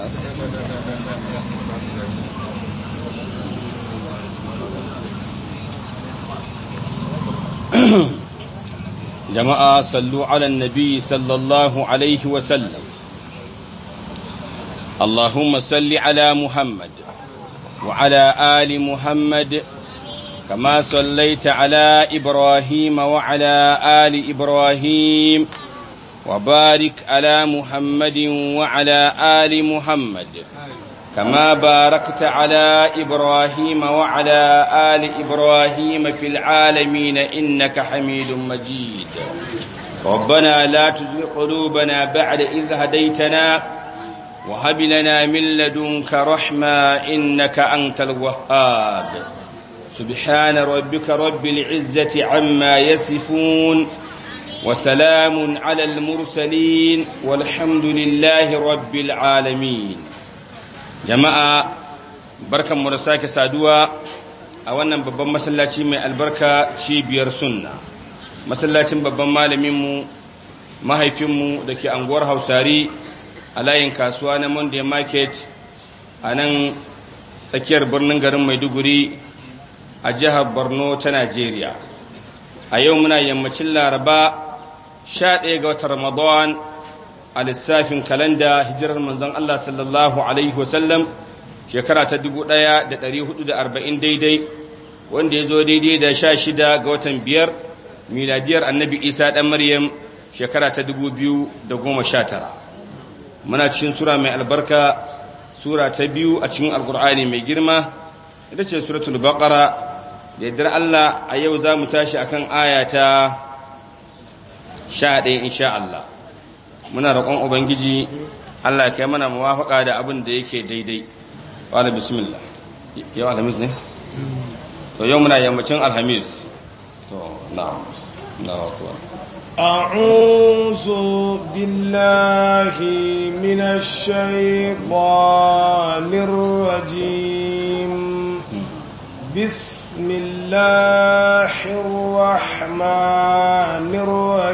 jama'a sallu ala nabi sallallahu alaihi wasallam allahumma salli ala muhammad wa ala ali muhammad kama sallaita ala ibrahim wa ala ali ibrahim وبارك على محمد وعلى آل محمد كما باركت على إبراهيم وعلى آل إبراهيم في العالمين إنك حميد مجيد ربنا لا تزغ قلوبنا بعد إذ هديتنا وهب لنا من لدنك رحمة إنك أنت الوهاب سبحان ربك رب العزة عما يصفون alal وسلام على المرسلين Jama'a لله mu العالمين جماعة بركة مرساك سادوا أولا ببن مسلاتي من البركة تشيبير سنة مسلاتي ببن مالمين mahaifinmu da ke unguwar hausari a layin kasuwa na monday market a nan tsakiyar birnin garin maiduguri a jihar borno ta najeriya a yau muna yammacin laraba 11 ga watan Ramadan a lissafin kalanda hijirar manzon Allah sallallahu alaihi wasallam shekara ta arba'in daidai wanda ya zo daidai da sha shida ga watan biyar miladiyar annabi Isa dan Maryam shekara ta tara. muna cikin sura mai albarka sura ta biyu a cikin alkur'ani mai girma ita ce suratul baqara da yardar Allah a yau za mu tashi akan aya ta sha ɗaya insha Allah muna roƙon ubangiji Allah ya kai mana muwafaka da abin da yake daidai wala bismillah yau alhamis ne to yau muna yammacin alhamis to na'am na'am أعوذ بالله من الشيطان الرجيم بسم الله الرحمن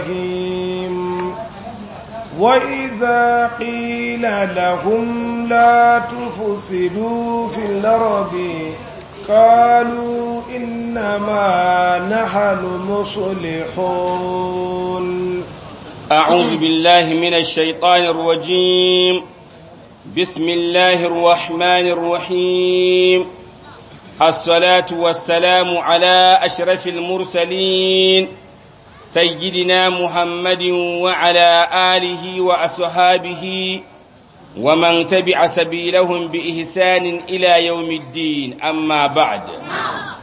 الرحيم وإذا قيل لهم لا تفسدوا في الأرض قالوا إنما نحن مصلحون أعوذ بالله من الشيطان الرجيم بسم الله الرحمن الرحيم الصلاة والسلام على أشرف المرسلين سيدنا محمد وعلى آله وأصحابه ومن تبع سبيلهم بإحسان إلى يوم الدين أما بعد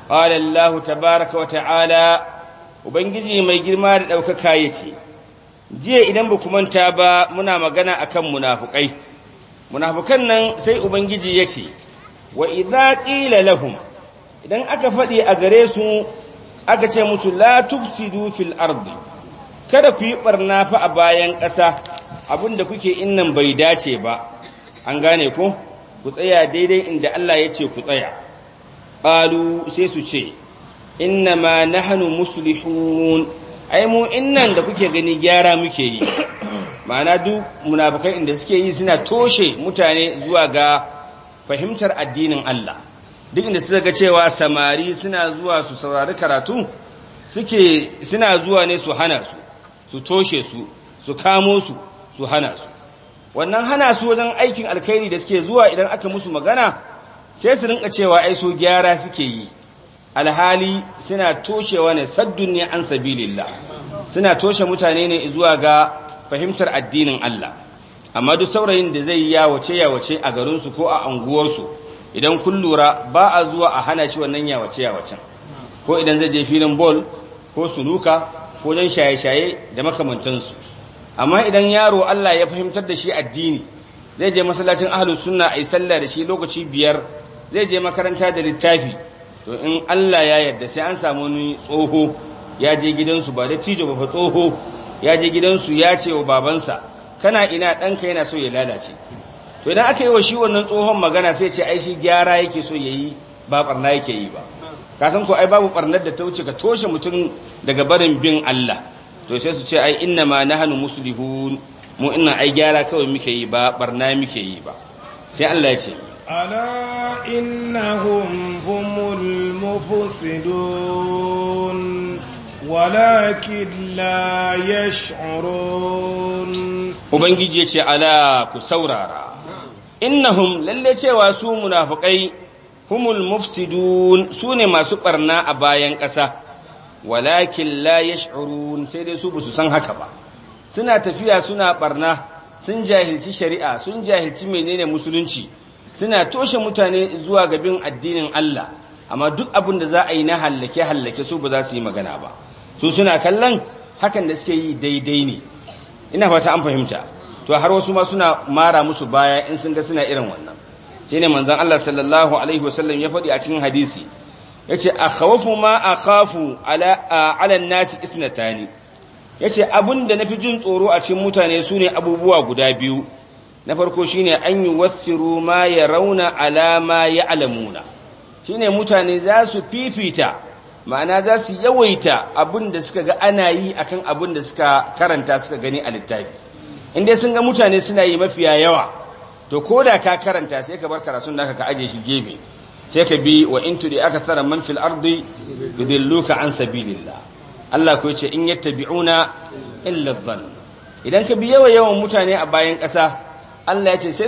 قال الله تبارك وتعالى Ubangiji mai girma da ɗaukaka ya ce, Jiya idan ba manta ba muna magana a kan munafukai, munafukan nan sai Ubangiji ya ce, wa idza qila lahum idan aka faɗi a gare su aka ce musu la tufsidu fil ardi kada ku yi barna fa a bayan ƙasa abinda kuke innan bai dace ba an gane ko ku tsaya daidai inda Allah ya ce ku tsaya qalu sai su ce innama nahnu muslihun ai mu innan da kuke gani gyara muke yi ma'ana duk munafikai inda suke yi suna toshe mutane zuwa ga fahimtar addinin Allah duk inda suka ga cewa samari suna zuwa su saurari karatu suke suna zuwa ne su hana su su toshe su su kamo su su hana su wannan hana su wajen aikin alkhairi da suke zuwa idan aka musu magana sai su rinka cewa ai so gyara suke yi alhali suna toshewa ne saddun ne an sabilillah suna toshe mutane ne zuwa ga fahimtar addinin Allah amma duk saurayin da zai yi yawace yawace a garinsu ko a anguwarsu idan kun lura ba a zuwa a hana shi wannan yawace yawacen ko idan zai je filin bol ko sunuka ko don shaye-shaye da makamantansu amma idan yaro Allah ya fahimtar da shi addini zai je masallacin ahlus sunna yi sallah da shi lokaci biyar zai je makaranta da littafi to in Allah ya yarda sai an samu wani tsoho ya je gidansu ba da tijo ba fa tsoho ya je gidansu ya ce wa babansa kana ina ɗanka yana so ya lalace to idan aka yi wa shi wannan tsohon magana sai ce ai shi gyara yake so ya yi ba barna yake yi ba kasan ko ai babu barnar da ta wuce ka toshe mutum daga barin bin Allah to sai su ce ai inna ma nahnu muslihun mu inna ai gyara kawai muke yi ba barna muke yi ba sai Allah ya ce ala innahum humul mufsidun walakin la yash'urun ubangiji ya ce ala ku saurara innahum lalle cewa su munafukai humul mufsidun su ne masu barna a bayan ƙasa walakin la yash'urun sai dai su basu san haka ba suna tafiya suna barna sun jahilci shari'a sun jahilci menene musulunci suna toshe mutane zuwa gabin addinin Allah amma duk abin da za a yi na hallake hallake su ba za su yi magana ba su suna kallon hakan da suke yi daidai ne ina fata an fahimta to har wasu ma suna mara musu baya in sun ga suna irin wannan sai ne manzon Allah sallallahu alaihi wasallam ya faɗi a cikin hadisi yace akhawafu ma akhafu ala ala an isnatani yace abunda nafi jin tsoro a cikin mutane sune abubuwa guda biyu na farko shine an yuwathiru ma alama ala ma ya'lamuna shine mutane za su fifita ma'ana za su yawaita abin da suka ga ana yi akan abin da suka karanta suka gani a littafi inda dai sun ga mutane suna yi mafiya yawa to ko da ka karanta sai ka bar karatun naka ka aje shi gefe sai ka bi wa in tudi tsara man fil ardi yudilluka an sabilillah Allah ko yace in yattabi'una illa dhann idan ka bi yawa yawan mutane a bayan ƙasa Allah ya ce sai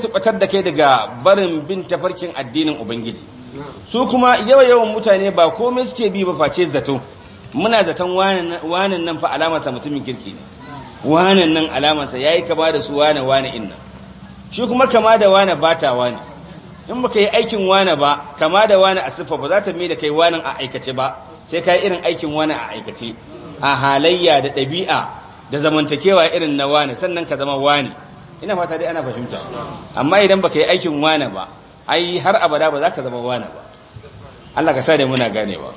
su batar da kai daga barin bin tafarkin addinin Ubangiji. Su kuma yawa yawan mutane ba komai suke bi ba face zato, muna zaton wanan nan fa alamarsa mutumin kirki ne, wanan nan alamarsa ya yi kama da su wane wane inna. Shi kuma kama da wane ba ta wane, in ka yi aikin wane ba, kama da wane a siffa ba za ta mai da kai wanan a aikace ba, sai ka yi irin aikin wane a aikace, a halayya da ɗabi'a da zamantakewa irin na wane sannan ka zama wane. ina fata dai ana fahimta amma idan baka yi aikin wane ba ai har abada ba za ka zama wane ba Allah ka sa da muna ganewa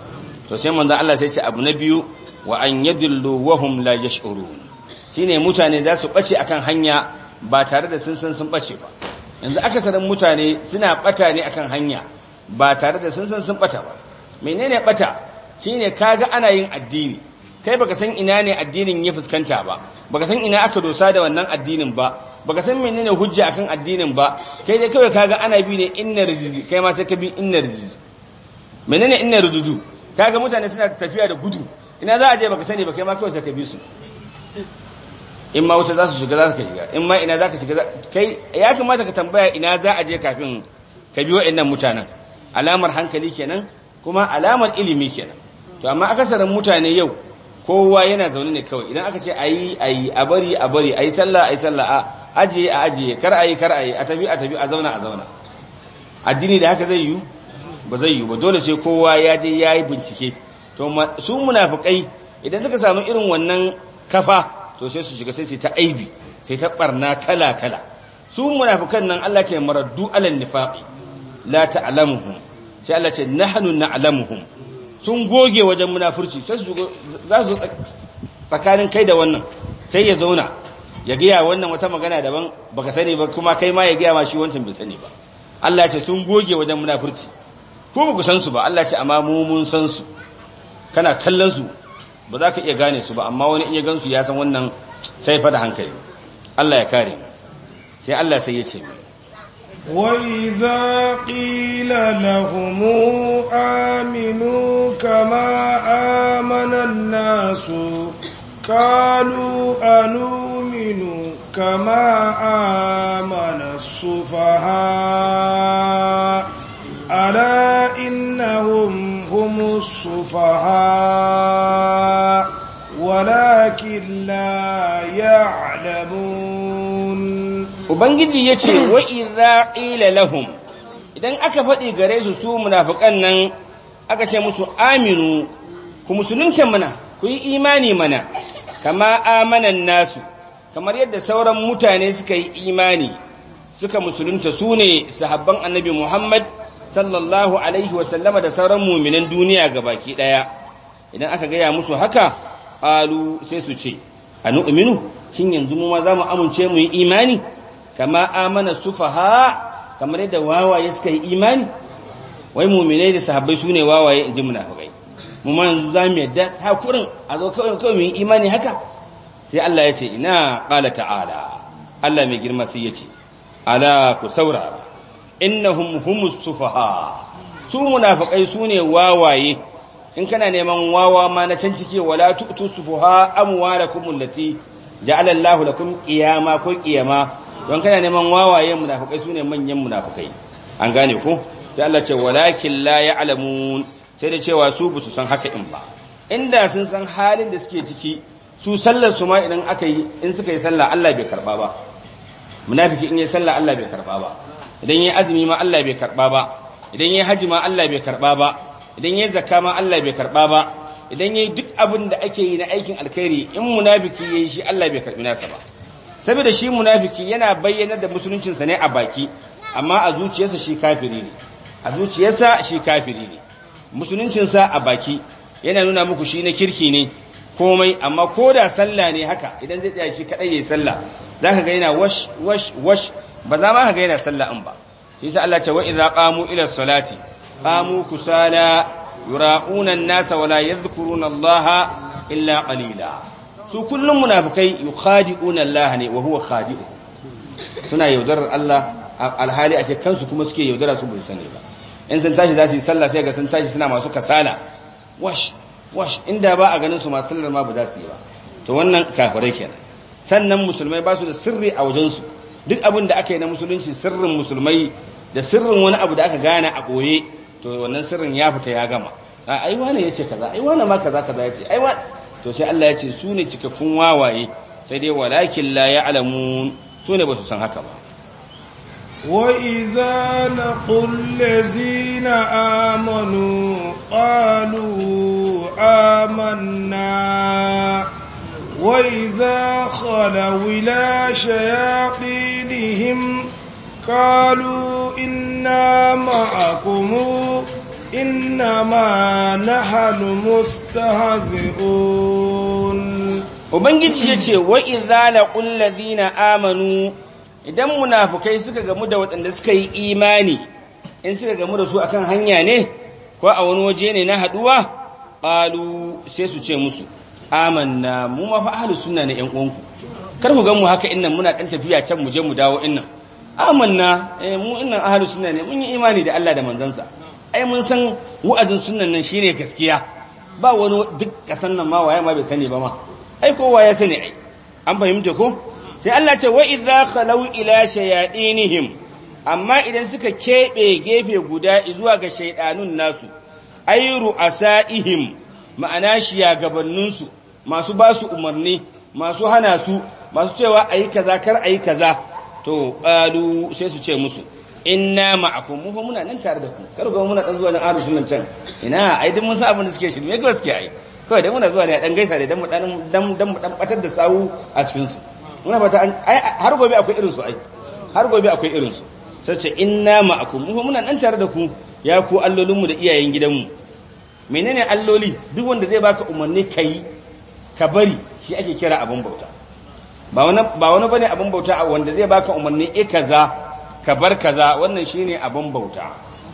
to sai manzon Allah sai ce abu na biyu wa an yadullu wa hum la yash'urun shine mutane za su bace akan hanya ba tare da sun san sun bace ba yanzu aka sanin mutane suna bata ne akan hanya ba tare da sun san sun bata ba menene bata shine kaga ana yin addini kai baka san ina ne addinin ya fuskanta ba baka san ina aka dosa da wannan addinin ba baka san menene hujja akan addinin ba kai dai kawai kaga ana bi ne inna rududu kai ma sai ka bi inna rududu menene inna rududu kaga mutane suna tafiya da gudu ina za a je baka sani ba kai ma kawai sai ka bi su in ma wuta za su shiga za ka shiga in ma ina za ka shiga kai ya kamata ka tambaya ina za a je kafin ka bi wa'annan mutanen alamar hankali kenan kuma alamar ilimi kenan to amma akasarin mutane yau kowa yana zaune ne kawai idan aka ce ayi ayi a bari a bari ayi sallah ayi sallah a ajiye a ajiye kar ayi kar ayi a tafi a tafi a zauna a zauna addini da haka zai yi ba zai yi ba dole sai kowa ya je ya yi bincike to su munafukai idan suka samu irin wannan kafa to sai su shiga sai su ta aibi sai ta barna kala kala su munafukan nan Allah ce maraddu alal nifaqi la ta'lamuhum sai Allah ce nahnu na'lamuhum sun goge wajen munafurci sai su za su tsakanin kai da wannan sai ya zauna ya gaya wannan wata magana daban baka sani ba kuma kai ma ya gaya ma shi wancan bai sani ba Allah ce sun goge wajen munafurci ko ba ku san su ba Allah ce amma mu mun san su kana kallon su ba za ka iya gane su ba amma wani iya gansu ya san wannan sai fa da hankali Allah ya kare sai Allah sai ya ce mai وإذا قيل لهم آمنوا كما آمن الناس قالوا أنؤمن كما آمن السفهاء ألا إنهم هم السفهاء ولكن ubangiji ya ce wa idza lahum idan aka faɗi gare su su munafukan nan aka ce musu aminu ku musulunta mana ku yi imani mana kama amanan nasu kamar yadda sauran mutane suka yi imani suka musulunta su ne sahabban annabi Muhammad sallallahu alaihi wasallama da sauran muminan duniya ga baki ɗaya idan aka gaya musu haka alu sai su ce anu'minu shin yanzu mu ma za mu amince mu yi imani kama amana sufaha kamar yadda wawaye suka yi imani wai muminai da sahabbai sune wawaye in ji munafikai mu ma yanzu za mu yadda hakurin a zo kawai kawai mu imani haka sai Allah ya ce ina qala ta'ala Allah mai girma sai ya ce ala ku saurara innahum humus sufaha su su sune wawaye in kana neman wawa ma na can cike wala tu'tu sufaha amwalakum allati ja'ala Allahu lakum qiyama ko qiyama don kana neman wawayen munafukai sune manyan munafukai an gane ko sai Allah ce walakin la ya'lamun sai da cewa su busu san haka in ba inda sun san halin da suke ciki su sallar su ma idan aka yi in suka yi sallah Allah bai karba ba munafiki in yi sallah Allah bai karba ba idan yi azumi ma Allah bai karba ba idan yi haji ma Allah bai karba ba idan yi zakka ma Allah bai karba ba idan yi duk abin da ake yi na aikin alkhairi in munafiki yayi shi Allah bai karbi nasa ba saboda shi munafiki yana bayyanar da musuluncinsa ne a baki amma a zuciyarsa shi kafiri ne a zuciyarsa shi kafiri ne musuluncinsa a baki yana nuna muku shi na kirki ne komai amma ko da sallah ne haka idan zai tsaya shi kadai yayi sallah zaka ga yana wash wash wash ba za ma ka ga yana sallah in ba shi yasa Allah ce wa idza qamu ila salati qamu kusala yura'una an-nasa wa la yadhkuruna Allah illa qalila su kullum munafikai yukhadi'una Allah ne wa huwa khadi'u suna yaudarar Allah alhali ashe kansu kuma suke yaudara su bu sani ba in sun tashi za su yi sallah sai ga sun tashi suna masu kasala wash wash inda ba a ganin su masu sallar ma ba za su yi ba to wannan kafirai kenan sannan musulmai ba su da sirri a wajen su duk abin da aka yi na musulunci sirrin musulmai da sirrin wani abu da aka gane a ɓoye to wannan sirrin ya fita ya gama ai wane ya ce kaza ai wane ma kaza kaza ya ce ai Sosai Allah ya ce su ne cikakkun wawaye sai dai walakin la alamu su ne ba san haka ba wa iza la qullazina amanu qalu amanna wa iza khala wila shayatinihim qalu inna ma'akumu innama nahnu mustahzi'un ubangiji yace wa idza laqul ladina amanu idan munafukai suka gamu da waɗanda suka yi imani in suka gamu da su akan hanya ne ko a wani waje ne na haduwa qalu sai su ce musu amanna mu ma fa ahlus sunna ne yan uwanku kar ku gan mu haka innan muna dan tafiya can mu je mu dawo innan amanna eh mu innan ahlus sunna ne mun yi imani da Allah da manzansa ai mun san wa'azin sunan nan shine gaskiya ba wani duk kasan nan ma waye ma bai sani ba ma ai kowa ya sani ai an fahimta ko sai Allah ce wa idza khalaw ila shayadinihim amma idan suka kebe gefe guda zuwa ga shaydanun nasu ai ru'asaihim ma'ana shiyagabannin su masu ba su umarni masu hana su masu cewa ayi kaza kar ayi kaza to qalu sai su ce musu inna ma'akum mu muna nan tare da ku kar ga muna dan zuwa nan arushin nan can ina ai duk mun san abin da suke shirme ga suke ai kawai dan muna zuwa ne dan gaisa da dan mu dan dan mu dan batar da sawu a cikin su muna fata har gobe akwai irin su ai har gobe akwai irin su sai ce inna ma'akum mu muna nan tare da ku ya ku allolinmu da iyayen gidan mu. menene alloli duk wanda zai baka umarni kai ka bari shi ake kira abin bauta ba wani ba wani bane abin bauta a wanda zai baka umarni e eh, kaza ka bar kaza wannan shine abin bauta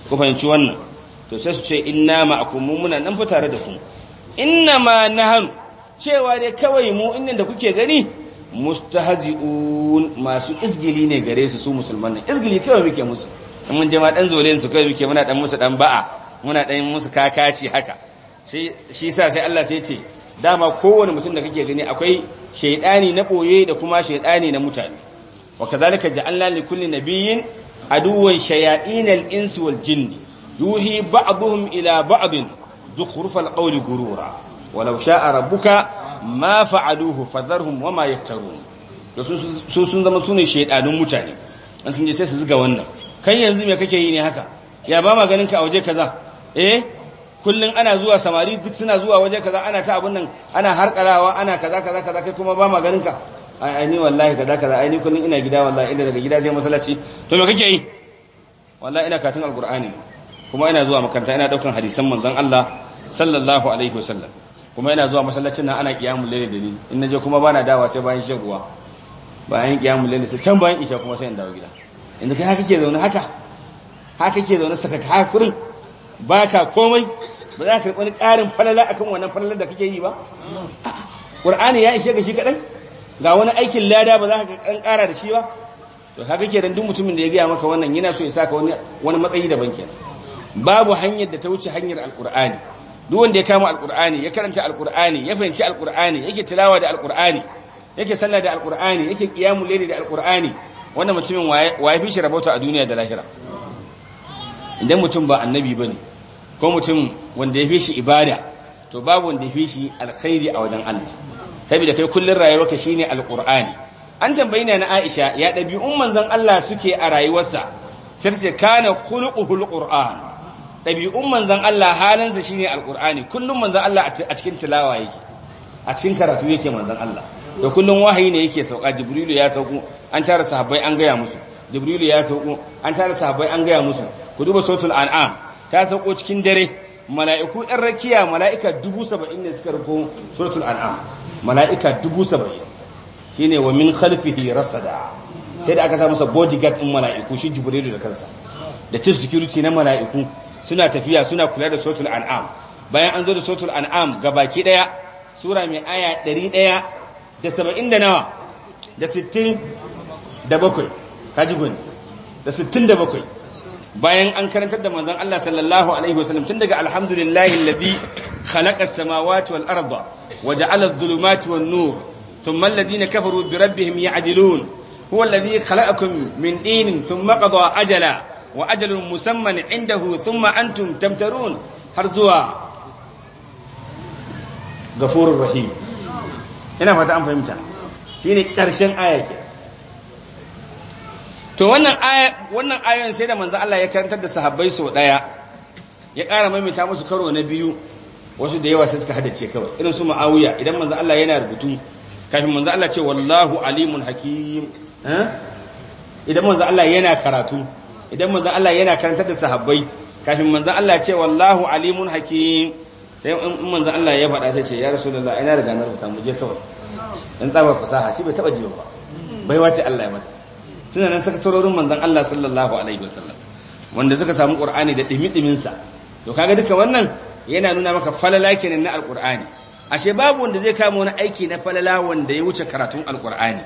ku fahimci wannan to sai su ce inna ma'akum muna nan fa tare da ku inna ma nahnu cewa dai kawai mu innan da kuke gani mustahzi'un masu izgili ne gare su su musulman nan izgili kawai muke musu mun jama dan zolen su kawai muke muna dan musu dan ba'a muna dan musu kakaci haka sai shi sa sai Allah sai ce dama kowane mutum da kake gani akwai shaidani na boye da kuma shaidani na mutane wa kadhalika ja'alna li kulli nabiyyin aduwwan shayatinal insi wal jinni yuhi ba'dhum ila ba'din zukhrufal qawli gurura walau sha'a rabbuka ma fa'aluhu fadharhum wama su sun zama sune shaydanun mutane an sun je sai su zuga wannan kan yanzu me kake yi ne haka ya ba ma ganin ka a waje kaza eh kullun ana zuwa samari duk suna zuwa waje kaza ana ta abin nan ana harkarawa ana kaza kaza kaza kai kuma ba ma ganin ka ai ai ni wallahi kaza kaza ai ni kullun ina gida wallahi inda daga gida sai masallaci to me kake yi wallahi ina katin alqur'ani kuma ina zuwa makaranta ina daukan hadisan manzon Allah sallallahu alaihi wasallam kuma ina zuwa masallacin nan ana qiyamul layl da ni in naje kuma bana dawa sai bayan shan ruwa bayan qiyamul layl sai can bayan isha kuma sai in dawo gida inda kai haka ke zaune haka haka ke zaune saka ka kurin baka komai ba za ka karɓi wani ƙarin falala akan wannan falalar da kake yi ba qur'ani ya ishe ka shi kadai ga wani aikin lada ba za ka kan kara da shi ba to ke kenan duk mutumin da ya gaya maka wannan yana so ya saka wani wani matsayi daban kenan babu hanyar da ta wuce hanyar alqur'ani duk wanda ya kama alqur'ani ya karanta alqur'ani ya fahimci alqur'ani yake tilawa da alqur'ani yake sallah da alqur'ani yake qiyamul layli da alqur'ani wannan mutumin waye fi shi rabota a duniya da lahira idan mutum ba annabi bane ko mutum wanda ya fi shi ibada to babu wanda ya fi shi alkhairi a wajen Allah saboda kai kullun rayuwarka shine alqur'ani an tambayi na Aisha ya dabi'un manzon Allah suke a rayuwarsa sai ce kana khuluquhul qur'an dabi'un manzon Allah halinsa shine alqur'ani kullun manzon Allah a cikin tilawa yake a cikin karatu yake manzon Allah da kullun wahayi ne yake sauka jibrilu ya sauko an tara sahabbai an gaya musu jibrilu ya sauko an tara sahabbai an gaya musu ku duba suratul an'am ta sauko cikin dare mala'iku ɗan rakiya mala'ika dubu saba'in ne suka rufo suratul an'am mala'ika dubu saba'in shi ne wa min khalfihi da sai da aka sa masa bodyguard in mala'iku shi jibrilu da kansa da chief security na mala'iku suna tafiya suna kula da suratul an'am bayan an zo da suratul an'am ga baki ɗaya sura mai aya ɗaya da saba'in da nawa da sittin da bakwai kaji gwani da bayan an karantar da manzon Allah sallallahu alaihi wasallam tun daga alhamdulillahi alladhi khalaqa as-samawati wal arda wa ja'ala adh-dhulumati wan nur thumma alladhina kafaru bi rabbihim ya'dilun huwa alladhi khalaqakum min dinin thumma qada ajala wa ajalun musamman indahu thumma antum tamtarun har zuwa ghafurur rahim ina fata an fahimta shine karshen ayati to wannan aya wannan ayoyin sai da manzo Allah ya karantar da sahabbai so daya ya ƙara maimaita musu karo na biyu wasu da yawa sai suka hadace kawai irin su Muawiya idan manzo Allah yana rubutu kafin manzo Allah ce wallahu alimun hakim idan manzo Allah yana karatu idan manzo Allah yana karantar da sahabbai kafin manzo Allah ce wallahu alimun hakim sai in manzo Allah ya faɗa sai ce ya rasulullah ina da na rubuta mu je kawai in tsaba fasaha shi bai taba jiwa ba bai wace Allah ya masa suna nan sakatarorin manzan Allah sallallahu alaihi wasallam wanda suka samu qur'ani da dimi sa to kaga duka wannan yana nuna maka falala kenan na alqur'ani ashe babu wanda zai kama wani aiki na falala wanda ya wuce karatun alqur'ani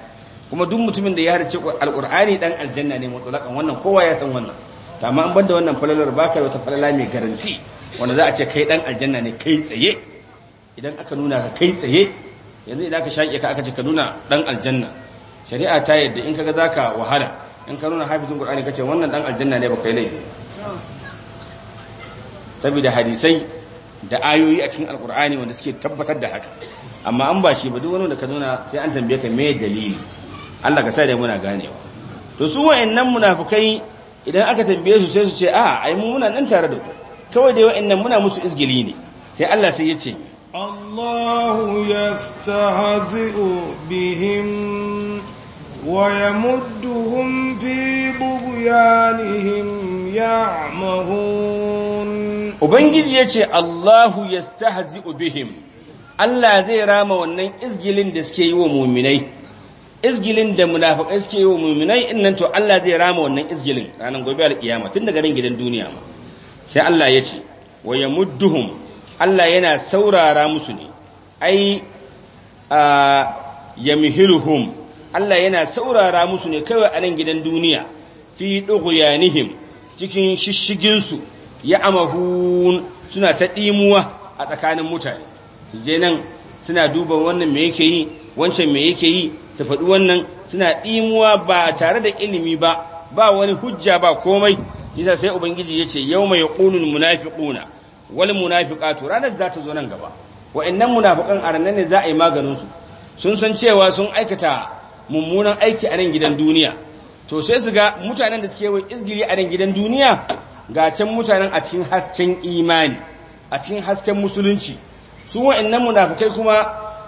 kuma duk mutumin da ya harce alqur'ani dan aljanna ne mutlaqan wannan kowa ya san wannan to amma an banda wannan falalar baka wata falala mai garanti wanda za a ce kai dan aljanna ne kai tsaye idan aka nuna ka kai tsaye yanzu idan aka shaƙe ka aka ce ka nuna dan aljanna shari'a ta yadda in kaga zaka wahala in ka nuna hafizin qur'ani kace wannan dan aljanna ne baka yi laifi saboda hadisai da ayoyi a cikin alqur'ani wanda suke tabbatar da haka amma an ba shi ba duk wani da ka zauna sai an tambaye ka me dalili Allah ka sa da muna ganewa to su wa'annan munafikai idan aka tambaye su sai su ce a ai mu muna nan tare da ku kawai dai wa'annan muna musu izgili ne sai Allah sai ya ce Allahu yastahzi'u bihim ويمدهم في بغيانهم يعمهون ubangiji yace Allahu ya yastahzi'u bihim Allah zai rama wannan izgilin da suke yi mu'minai izgilin da munafikai suke yiwa wa mu'minai innan to Allah zai rama wannan izgilin ranar gobe alkiyama tun daga nan gidan duniya ma sai Allah yace wa yamudduhum Allah yana saurara musu ne ai yamhiluhum Allah yana saurara musu ne kawai a nan gidan duniya fi dughyanihim cikin shishiginsu ya amahun suna ta ɗimuwa a tsakanin mutane su je nan suna duba wannan me yake yi wancan me yake yi su faɗi wannan suna ɗimuwa ba tare da ilimi ba ba wani hujja ba komai yasa sai ubangiji ya ce yau mai ƙunun munafiƙuna wal to ranar za ta zo nan gaba wa'annan munafiƙan a ranar ne za a yi maganinsu sun san cewa sun aikata mummunan aiki a nan gidan duniya to sai su ga mutanen da suke yi izgiri a nan gidan duniya ga can mutanen a cikin hasken imani a cikin hasken musulunci su wa'annan munafukai kuma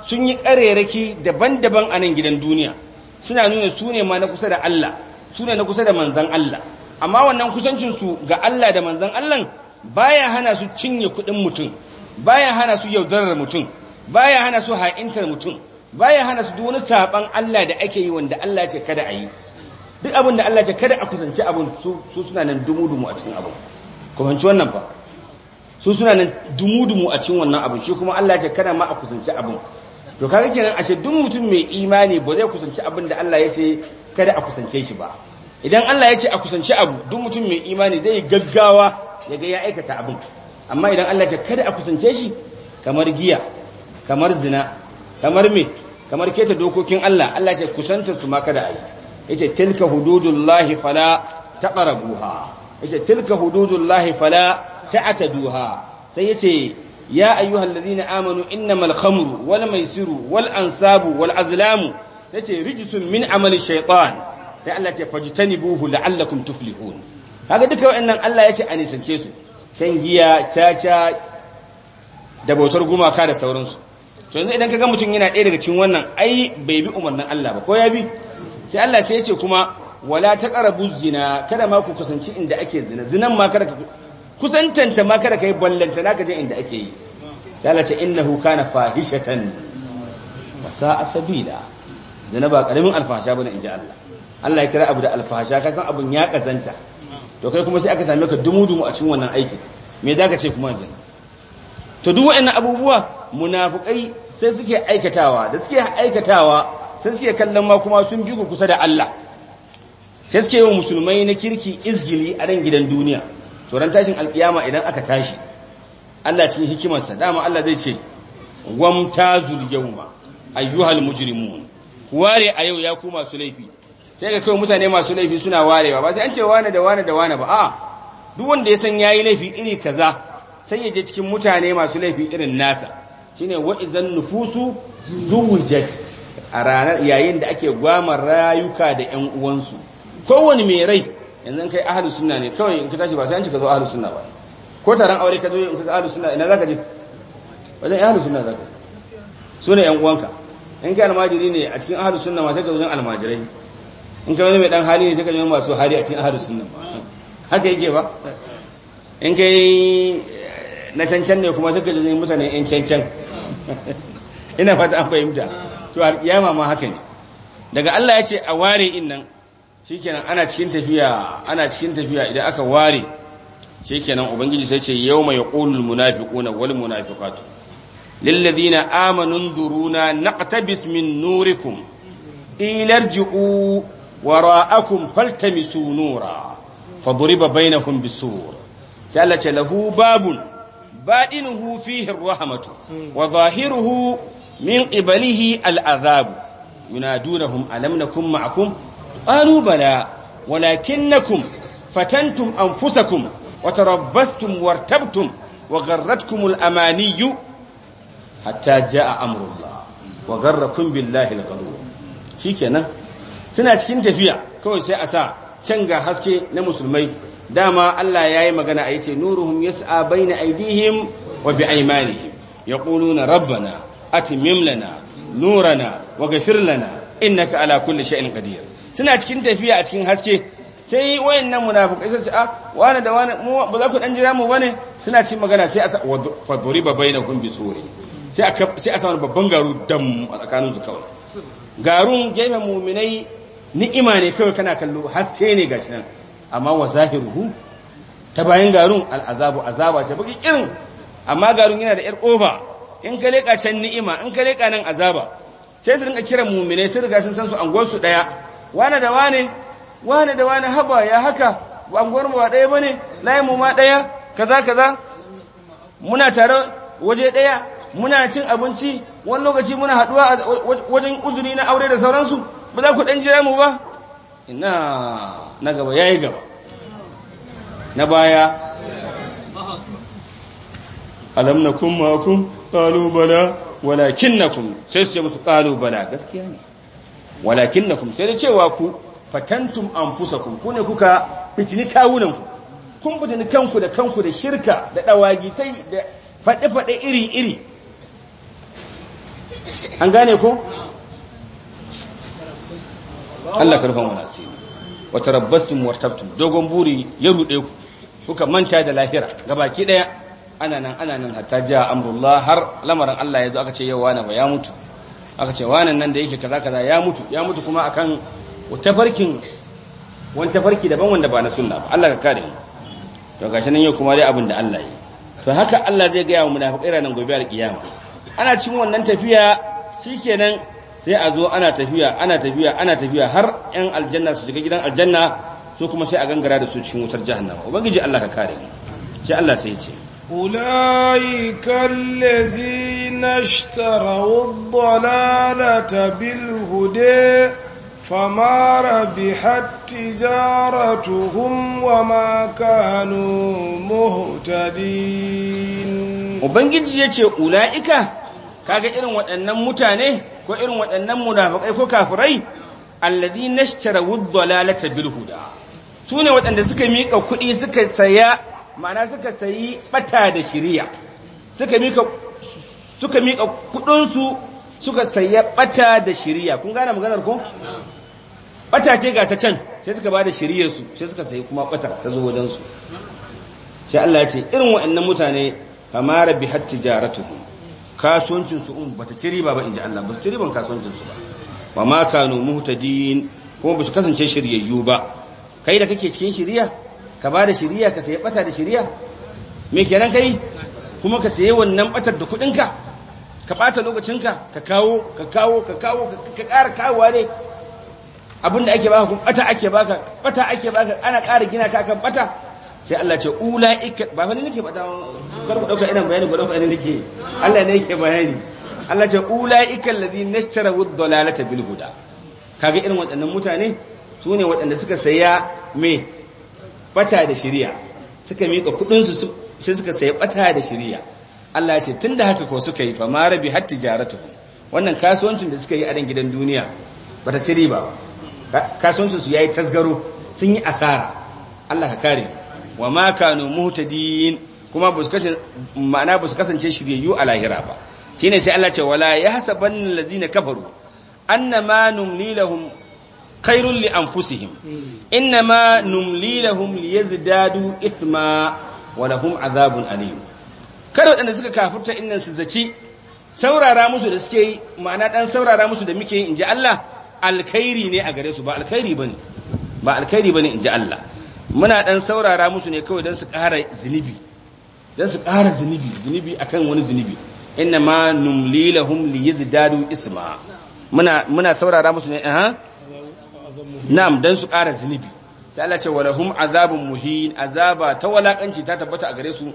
sun yi ƙareraki daban-daban a nan gidan duniya suna nuna su ne ma na kusa da Allah su ne na kusa da manzan Allah amma wannan kusancinsu ga Allah da manzan Allah baya hana su cinye kuɗin mutum baya hana su yaudarar mutum baya hana su ha'intar mutum baya hana su wani saban Allah da ake yi wanda Allah ce kada a yi duk abin da Allah ce kada a kusanci abin su suna nan dumu-dumu a cikin abin kwanci wannan ba su suna nan dumu-dumu a cikin wannan abin shi kuma Allah ce kada ma a kusanci abin to kaga kenan ashe duk mutum mai imani ba zai kusanci abin da Allah ya ce kada a kusance shi ba idan Allah ya ce a kusanci abu duk mutum mai imani zai gaggawa ya ga ya aikata abin amma idan Allah ya ce kada a kusance shi kamar giya kamar zina kamar me kamar keta dokokin Allah Allah ya ce kusanta su ma kada ai yace tilka hududullahi fala taqrabuha yace tilka hududullahi fala ta'taduha sai yace ya ayyuhalladhina amanu innamal khamru wal maisiru wal ansabu wal azlamu yace rijsun min amali shaytan sai Allah ya ce fajtanibuhu la'allakum tuflihun kaga duka wayannan Allah ya a nisance su shan giya caca da bautar gumaka da sauransu to yanzu idan ka ga mutum yana ɗaya daga cikin wannan ai bai bi umarnin Allah ba ko ya bi sai Allah sai ya ce kuma wala taqrabu zina kada ma ku kusanci inda ake zina zinan ma kada ka kusantanta ma kada kai ballanta naka je inda ake yi sai Allah ce innahu kana fahishatan wa sa'a sabila zina ba karamin alfahasha bane inji Allah Allah ya kira abu da alfahasha ka san abun ya kazanta to kai kuma sai aka same ka dumudumu a cikin wannan aikin me zaka ce kuma gani to duk waɗannan abubuwa munafukai sai suke aikatawa da suke aikatawa sai suke kallon ma kuma sun bi ku kusa da Allah sai suke yi musulmai na kirki izgili a ran gidan duniya ran tashin alkiyama idan aka tashi Allah cikin hikimarsa dama Allah zai ce tazul yawma ayyuhal mujrimun ware a yau ya kuma masu laifi sai ga kai mutane masu laifi suna warewa ba sai an ce wane da wane da wane ba a duk wanda ya san yayi laifi iri kaza sai ya je cikin mutane masu laifi irin nasa shine wa idan nufusu zuwujet a ranar yayin da ake gwamar rayuka da ƴan uwansu kowane mai rai yanzu kai ahalus suna ne kawai in ka tashi ba sai an cika zo ahalus suna ba ko taron aure ka zo in ka ahlus sunna ina ka je wajen suna za ka su ne ƴan uwanka in kai almajiri ne a cikin ahalus suna ma sai ka zo wajen almajirai in kai wani mai dan hali ne sai ka zo masu hali a cikin ahlus sunna haka yake ba in kai eh, na cancan ne kuma sai ka je mutane ƴan cancan ina fata an fahimta to alkiyama ma haka ne daga Allah ya ce a ware in nan shikenan ana cikin tafiya ana cikin tafiya idan aka ware shikenan ubangiji sai ce yawma yaqulul munafiquna wal munafiqatu lil ladina amanu duruna naqtabis min nurikum ilarji'u wara'akum faltamisu nura faduriba bainahum bisur sai Allah ce lahu babun badinuhu fihi rahmatu wa zahiruhu min qibalihi al'azabu yunadunahum alam nakum ma'akum walakin bala walakinnakum fatantum anfusakum wa tarabbastum wartabtum wa gharratkum al-amaniyu hatta jaa amrullah wa gharrakum billahi al Shi shikenan suna cikin tafiya kawai sai a sa can ga haske na musulmai dama Allah ya yi magana a yi ce ya sa yas'a na aidihim wa bi ƙunu na rabbana atimim lana nurana gafirlana lana innaka ala kulle sha'in ƙadiyar suna cikin tafiya a cikin haske sai wayannan munafikai sai a ah, wani da wani mu ba za ku ɗan jira mu ba ne suna cikin magana sai a fa duriba bainakum bi suri sai a sai a samar babban garu dam a tsakanin su kawai garun gefen mu'minai ni'ima ne kawai kana kallo haske ne gashi nan amma wa zahiruhu ta bayan garun al'azabu azaba ce baki irin amma garun yana da yar ƙofa in ka leƙa can ni'ima in ka leƙa nan azaba sai su rinka kiran muminai sun riga sun san su an su daya wane da wane, wane da wane haba ya haka anguwar mu ba daya ne layin mu ma daya kaza kaza muna tare waje ɗaya muna cin abinci wani lokaci muna haɗuwa wajen uzuri na aure da sauransu ba za ku ɗan jira mu ba ina na gaba ya yi gaba na baya alam na kun makon ƙalubala walakin na kun sai su ce musu ƙalubala gaskiya ne walakin na kun sai da cewa ku fatantum an fusa kun ku ne kuka fitini kawunanku kun fitini kanku da kanku da shirka da ɗawagitai da faɗe-faɗe iri-iri an gane ko? Allah karfan wani asiri wa tarabbastum wartabtum dogon buri ya rude ku kuka manta da lahira gabaki daya ana nan ana nan hatta ja amrullah har lamarin Allah ya zo aka ce yau wani ba ya mutu aka ce wanan nan da yake kaza kaza ya mutu ya mutu kuma akan farkin wani tafarki daban wanda ba na sunna ba Allah ka kare mu to gashi nan yau kuma dai abin da Allah yi to haka Allah zai ga ya munafiqai ranan gobe alkiyama ana cikin wannan tafiya shikenan sai a zo ana tafiya ana tafiya ana tafiya har yan aljanna su shiga gidan aljanna su kuma sai a gangara da su cikin wutar jahannama ubangiji Allah ka kare shi Allah sai ya ce أولئك الذين اشتروا الضلالة بالهدى فما ربحت تجارتهم وما كانوا مهتدين وبنجي يجي أولئك kaga irin waɗannan mutane ko irin waɗannan munafakai ko kafirai alladhi nashtara ad-dalalata bil huda sune waɗanda suka mika kuɗi suka saya ma'ana suka sayi bata da shiriya suka mika suka mika kuɗin su suka saya bata da shiriya kun gane maganar ko bata ce ga ta can sai suka bada shiriyar su sai suka sayi kuma bata ta zo wajen su sai Allah ya ce irin waɗannan mutane famara bihat tijaratuhum kasuwancin su um, bata ci riba ba ji Allah ba su ci riban kasuwancin su ba wa ma kanu muhtadin kuma ba su kasance shiryayyu ba kai da kake cikin shiriya ka ba da shiriya ka sayi bata da shiriya me kenan kai kuma ka sayi wannan batar da kudin ka ka bata lokacin ka ka kawo ka kawo ka kawo ka ƙara kawowa ne abinda ake baka kuma bata ake baka bata ake baka ana ƙara gina ka kan bata sai Allah ce ula ula'ika ba wani nake faɗa kar ku dauka ina bayani gudun faɗa nake Allah ne yake bayani Allah ce ula ula'ika allazi nashtara wad dalalata bil huda kage irin waɗannan mutane su ne waɗanda suka saya me bata da shiriya suka miƙa kudin su sai suka saya bata da shiriya Allah ya ce tunda haka ko suka yi fa marabi rabi hatta tijaratuhum wannan kasuwancin da suka yi a dan gidan duniya bata ci riba ba kasuwancin su yayi tasgaro sun yi asara Allah ka kare wa ma kanu muhtadin kuma ba su kasance ma'ana ba su kasance shiryayyu a lahira ba shine sai Allah ce wala yahsabanna allazina kafaru annama numli lahum khairul li anfusihim innama numli lahum liyazdadu isma wa lahum azabun alim kada wadanda suka kafirta innan su zaci saurara musu da suke yi ma'ana dan saurara musu da muke yi inji Allah alkhairi ne a gare su ba alkhairi bane ba alkhairi bane inji Allah muna dan saurara musu ne kawai don su kara zunubi don su kara zunubi zunubi akan wani zunubi inna ma numli liyazdadu isma muna saurara musu ne eh na'am don su kara zunubi sai Allah ce walahum azabun muhin azaba ta walakanci ta tabbata a gare su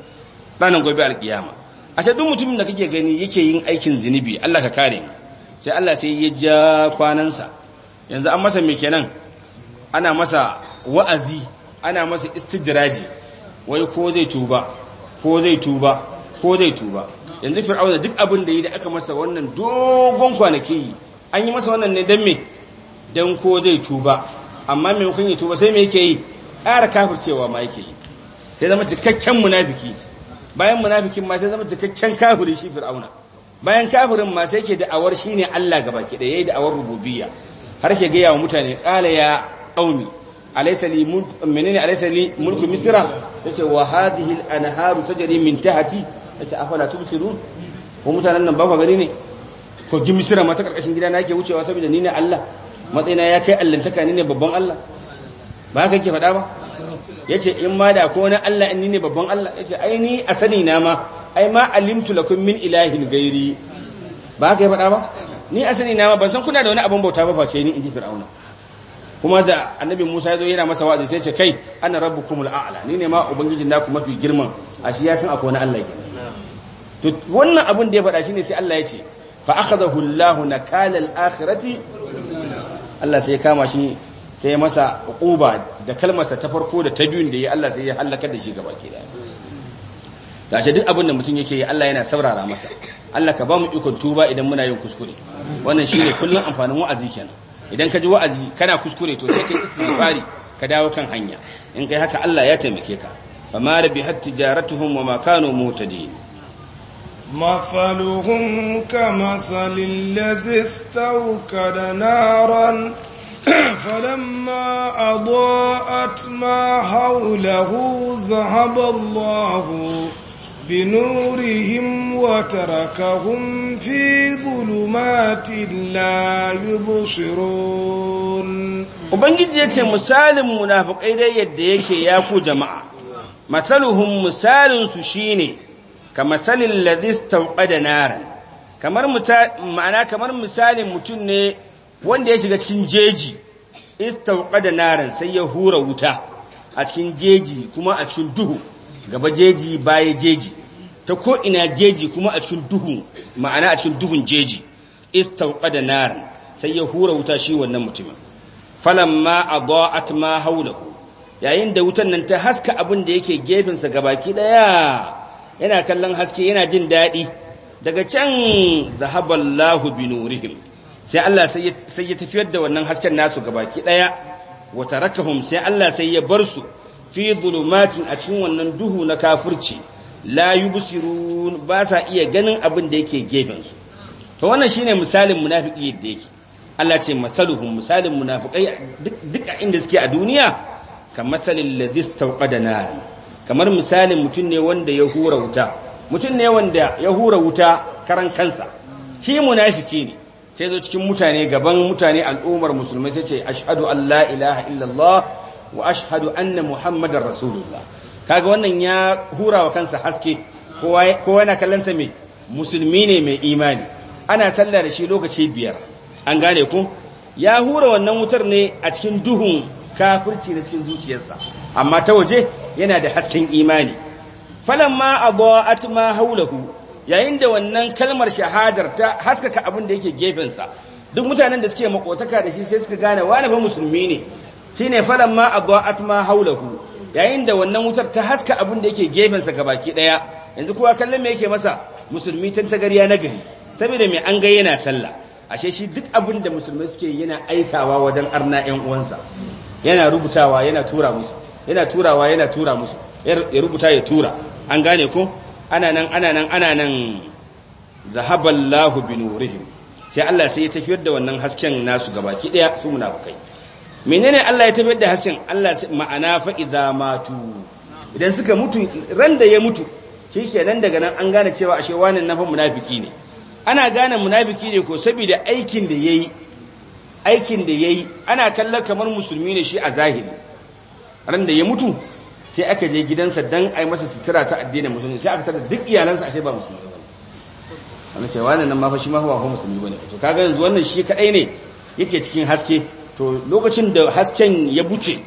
ranar gobe alkiyama ashe duk mutumin da kake gani yake yin aikin zunubi Allah ka kare mu sai Allah sai ya ja kwanansa yanzu an masa me kenan ana masa wa'azi ana masa istidraji wai ko zai tuba ko zai tuba ko zai tuba yanzu fir'auna duk abin da yi da aka masa wannan dogon kwanaki an yi masa wannan ne dan me dan ko zai tuba amma maimakon ya tuba sai me yake yi ƙara kafircewa ma yake yi sai zama cikakken munafiki bayan munafikin ma sai zama cikakken kafirin shi fir'auna bayan kafirin ma sai yake da'awar ne Allah gabaki da yayi da'awar rububiyya har sai ga mutane qala ya qaumi alaysa li menene alaysa li mulku misra yace wa hadhihi al-anharu tajri min tahti yace afala tubsirun ko mutanen nan ba ku gani ne ko misira misra ma ta gida na yake wucewa saboda ni ne Allah matsayina ya kai allantaka ni ne babban Allah ba haka yake faɗa ba yace in ma da ko Allah in ni ne babban Allah yace ai ni a sani na ma ai ma alimtu lakum min ilahin gairi ba haka ya faɗa ba ni a sani na ma ban san kuna da wani abin bauta ba face ni in inji fir'auna kuma da annabi Musa ya zo yana masa wa'azi sai ce kai ana rabbukumul a'la ni ne ma ubangijin naku mafi girman ashe ya san akwai wani Allah ke to wannan abin da ya faɗa shine sai Allah ya ce fa akhadahu Allahu nakala al-akhirati Allah sai ya kama shi sai ya masa uquba da kalmarsa ta farko da ta biyun da ya Allah sai ya halaka da shi gaba ke da tashi duk abin da mutum yake yi Allah yana saurara masa Allah ka ba mu ikon tuba idan muna yin kuskure wannan shine kullun amfanin wa'azi kenan idan ka ji wa'azi kana kuskure to sai kai istighfari ka dawo kan hanya in kai haka Allah ya taimake ka fama rabihat tijaratuhum wa ma kanu mutadin مثلهم كمثل الذي استوكد نارا فلما أضاءت ما حوله ذهب الله بنورهم وتركهم في ظلمات لا يبصرون ubangiji yace misalin munafikai dai yadda yake yaku jama'a masaluhum misalin shine kama kamar ma'ana kamar misalin mutum ne wanda ya shiga cikin jeji istauqada naran sai ya hura wuta a cikin jeji kuma a cikin duhu gaba jeji baya jeji ta ko ina jeji kuma a cikin duhu ma'ana a cikin duhun jeji da narin sai ya hura wuta shi wannan mutumin falon a adaat ma hawlahu yayin da wutan nan ta haska abin da yake gefensa ga gabaki daya yana kallon haske yana jin daɗi daga can bi binurihim sai Allah sai ya tafiyar da wannan hasken nasu ga baki ɗaya wata tarakahum sai Allah sai ya bar su fi zulumatin a cikin wannan duhu na kafirci la yubsirun ba sa iya ganin abin da yake gefen su to wannan shine misalin munafiki yadda yake Allah ce masaluhum misalin munafiki duk a inda suke a duniya kamasalil ladhi istawqada nar kamar misalin mutum ne wanda ya hura wuta mutum ne wanda ya hura wuta karan kansa shi munafiki ne sai zo cikin mutane gaban mutane al'ummar musulmai sai ce ashhadu an la ilaha illallah wa ashhadu anna muhammadar rasulullah kaga wannan ya hura wa kansa haske kowa yana kallonsa mai musulmi ne mai imani ana sallah da shi lokaci biyar an gane ku ya hura wannan wutar ne a cikin duhun kafirci na cikin zuciyarsa amma ta waje yana da hasken imani falamma adwa'at ma haulahu yayin da wannan kalmar shahadar ta haskaka abin da yake gefensa duk mutanen da suke makotaka da shi sai suka gane wani fa musulmi ne shine ne adwa'at ma haulahu yayin da wannan wutar ta haska abin da yake gefensa baki ɗaya yanzu kowa kallon me yake masa musulmi tantagariya na gari saboda mai an ga yana sallah ashe shi duk abin da musulmai suke yana aikawa wajen arna yan uwansa yana rubutawa yana tura musu yana turawa yana tura musu ya rubuta ya tura an gane ko ana nan ana nan ana nan zahaballahu binurihim sai Allah sai ya tafiyar da wannan hasken nasu ga baki ɗaya su munafikai menene Allah ya tabbatar da hasken Allah ma'ana fa idza matu idan suka mutu ran da ya mutu shikenan daga nan an gane cewa ashe wannan nan fa munafiki ne ana gane munafiki ne ko saboda aikin da yayi aikin da yayi ana kalla kamar musulmi ne shi a zahiri ran da ya mutu sai aka je gidansa dan ai masa sutura ta addinin musulmi sai aka tada duk iyalansa ashe ba musulmi ba wannan cewa wannan nan ma fa shi ma ba musulmi bane to kaga yanzu wannan shi kadai ne yake cikin haske to lokacin da hasken ya buce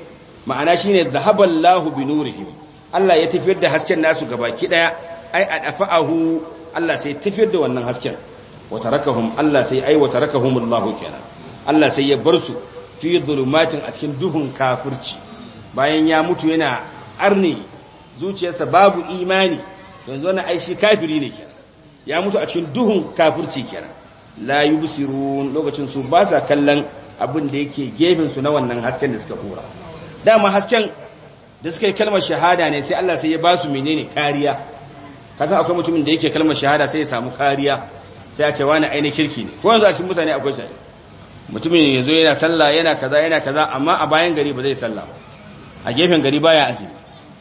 ma'ana shi shine zahaballahu binurihim Allah ya tafiyar da hasken nasu gabaki daya ai adafa'ahu Allah sai tafiyar da wannan hasken wa tarakahum Allah sai ai wa tarakahumullahu kenan Allah sai ya bar su fi dhulumatin a cikin duhun kafirci bayan ya mutu yana arni zuciyarsa babu imani yanzu wannan ai kafiri ne kenan ya mutu a cikin duhun kafirci kenan la yubsirun lokacin su ba sa kallon abin da yake gefen su na wannan hasken da suka kora dama hasken da suka yi kalmar shahada ne sai Allah sai ya ba su menene kariya kasan akwai mutumin da yake kalmar shahada sai ya samu kariya sai a ce wani aini kirki ne ko yanzu a cikin mutane akwai shari'a mutumin yanzu yana sallah yana kaza yana kaza amma a bayan gari ba zai sallah a gefen gari baya azumi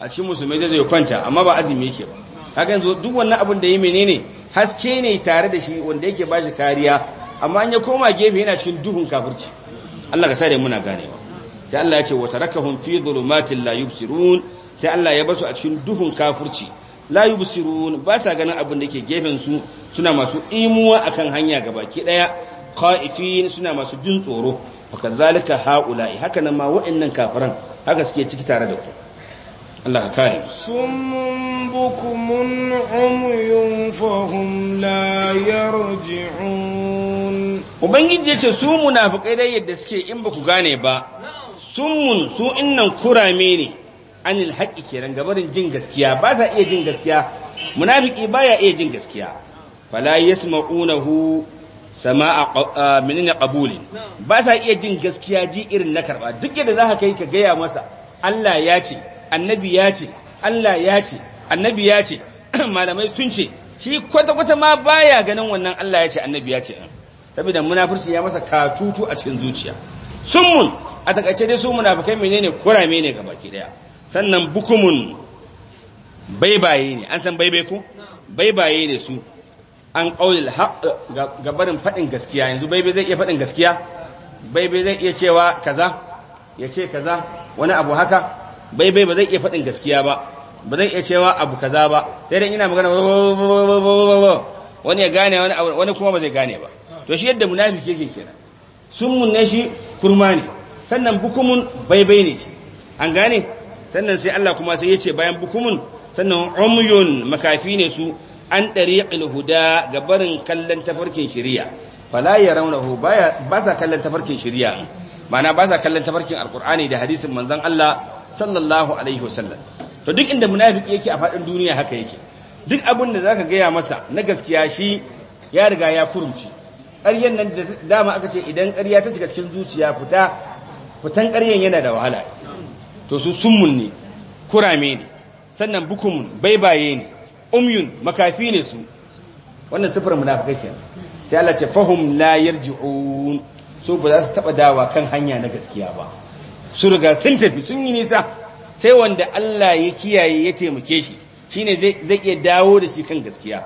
a cikin musulmai zai zai kwanta amma ba azumi yake ba kaga yanzu duk wannan abin da yi menene haske ne tare da shi wanda yake shi kariya amma an ya koma gefe yana cikin duhun kafirci Allah ka sare muna ganewa sai Allah ya ce wa tarakahum fi dhulumatin la yubsirun sai Allah ya basu a cikin duhun kafurci la yubsirun ba sa ganin abin da ke gefen su suna masu imuwa akan hanya gabaki daya qaifin suna masu jin tsoro fakadhalika haula'i haka nan ma wa'annan kafiran haka suke ciki tare da ku Allah ka kare summun bukumun umyun fahum la yarji'un ubangiji ya ce su munafukai dai yadda suke in ba ku gane ba mun su innan kurame ne anil haƙi kenan gabarin jin gaskiya ba sa iya jin gaskiya munafiki ya iya jin gaskiya fala yasma'unahu sama'a Minina qabulin ba sa iya jin gaskiya ji irin na karba duk yadda zaka kai ka gaya masa Allah ya ce annabi ya ce Allah ya ce annabi ya ce malamai sun ce shi kwata-kwata ma baya ganin wannan Allah ya ce annabi ya ce saboda munafurci ya masa katutu a cikin zuciya summun a takaice dai su munafikai menene kurame ne gabaki daya sannan bukumun baibaye ne an san baibai ko baibaye ne su an qaulil haqq gabarin fadin gaskiya yanzu baibai zai iya fadin gaskiya baibai zai iya cewa kaza ya ce kaza wani abu haka baibai ba zai iya fadin gaskiya ba ba zai iya cewa abu kaza ba sai dai ina magana wani ya gane wani kuma ba zai gane ba to shi yadda munafiki yake kenan summun ne shi kurma ne sannan bukumun baibai ne shi an gane sannan sai Allah kuma sai yace bayan bukumun sannan umyun makafi ne su an dariqil huda ga barin kallon tafarkin shari'a fala yarawnahu baya ba sa kallon tafarkin shari'a mana ba sa kallon tafarkin alqur'ani da hadisin manzon Allah sallallahu alaihi wasallam to duk inda munafiki yake a fadin duniya haka yake duk abin da zaka gaya masa na gaskiya shi ya riga ya kurumci Ƙaryen nan da dama aka ce idan ƙarya ta cika cikin zuciya fita fitan ƙaryen yana da wahala to su mun ne kurame ne sannan bukumun baibaye ne umyun makafi ne su wannan sifar munafikai kenan sai Allah ce fahum la yarji'un so ba za su taba dawa kan hanya na gaskiya ba su riga sun tafi sun yi nisa sai wanda Allah ya kiyaye ya taimake shi shine zai zai iya dawo da shi kan gaskiya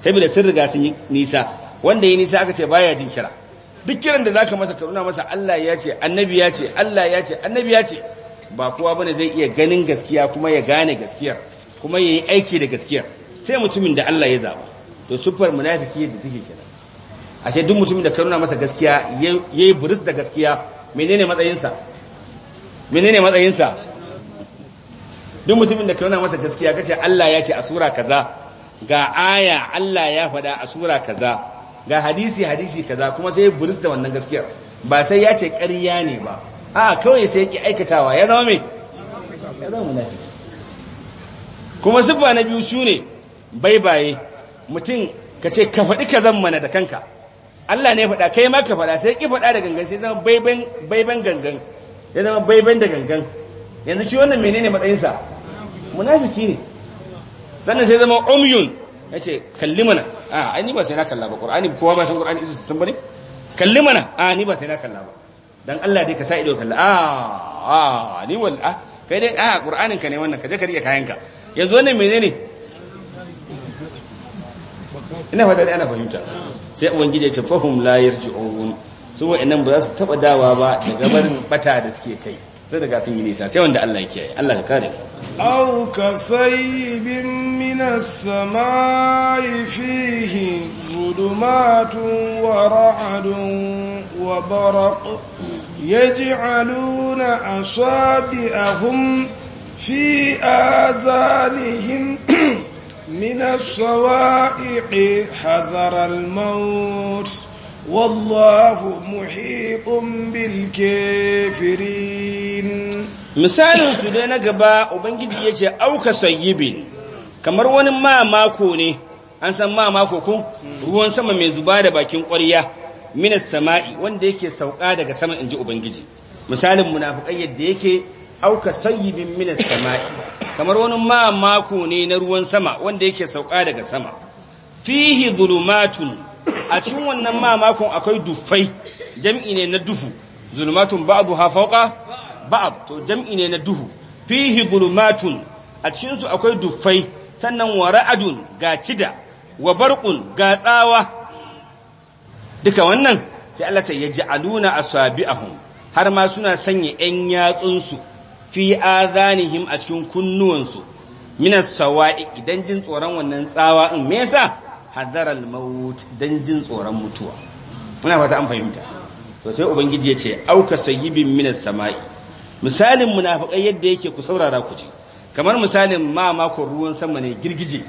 saboda sun riga sun yi nisa wanda ya nisa aka ce baya jin kira duk kiran da zaka masa karuna masa Allah ya ce annabi ya ce Allah ya ce annabi ya ce ba kowa bane zai iya ganin gaskiya kuma ya gane gaskiyar kuma ya yi aiki da gaskiyar sai mutumin da Allah ya zaba to sufar munafiki da take kira ashe duk mutumin da karuna masa gaskiya yayi buris da gaskiya menene matsayinsa menene matsayinsa duk mutumin da karuna masa gaskiya kace Allah ya ce a sura kaza ga aya Allah ya faɗa a sura kaza ga hadisi hadisi kaza kuma sai buris da wannan gaskiyar ba sai ya ce ƙarya ne ba a kawai sai ki aikatawa ya zama mai ya zama munafi kuma siffa na biyu su ne baibaye mutum ka ce ka faɗi ka zan mana da kanka Allah ne faɗa kai ma ka faɗa sai ki faɗa da gangan sai zama baiban gangan ya zama baiban da gangan yanzu shi wannan menene matsayinsa munafiki ne sannan sai zama umyun ya ce kalli mana a ni ba sai na kalla ba qur'ani kowa ba san qur'ani izu sittin ne, kalli mana a ni ba sai na kalla ba dan Allah dai ka sa ido kalla a a ni wal a kai dai a qur'anin ka ne wannan ka je ka rike kayan ka yanzu wannan menene ina fata dai ana fahimta sai ubangiji ya ce fahum la yarji'un su wa'annan ba za su taba dawa ba daga barin bata da suke kai sai daga sun yi nisa sai wanda Allah ya kiyaye Allah ka kare aw kasaybin minas samai fihi zulumatun wa ra'dun wa baraq yaj'aluna asabi'ahum fi azanihim من الصوائق حذر الموت والله محيط بالكافرين misalin su dai na gaba ubangiji yace auka sayyibin kamar wani mako ne an san mako ko ruwan sama mai zuba da bakin ƙwarya minas sama'i wanda yake sauka daga sama inji ubangiji misalin munafiqai yadda yake auka sayyibin minas sama'i kamar wani mako ne na ruwan sama wanda yake sauka daga sama fihi zulumatun a cikin wannan mamakon akwai dufai jam'i ne na duhu zulmatun ba'dha fawqa ba'd to jam'i ne na duhu fihi zulmatun a cikin akwai dufai sannan wa ra'adun ga cida wa barqun ga tsawa duka wannan sai Allah ya yaj'aluna asabi'ahum har ma suna sanya 'yan yatsunsu fi azanihim a cikin kunnuwansu minas sawa'i idan jin tsoron wannan tsawa in me yasa hazarar maut dan jin tsoron mutuwa ina fata an fahimta to sai ubangiji ya ce auka sayyibin minas sama'i misalin munafiqai yadda yake ku saurara ku ji kamar misalin ma makon ruwan sama ne girgije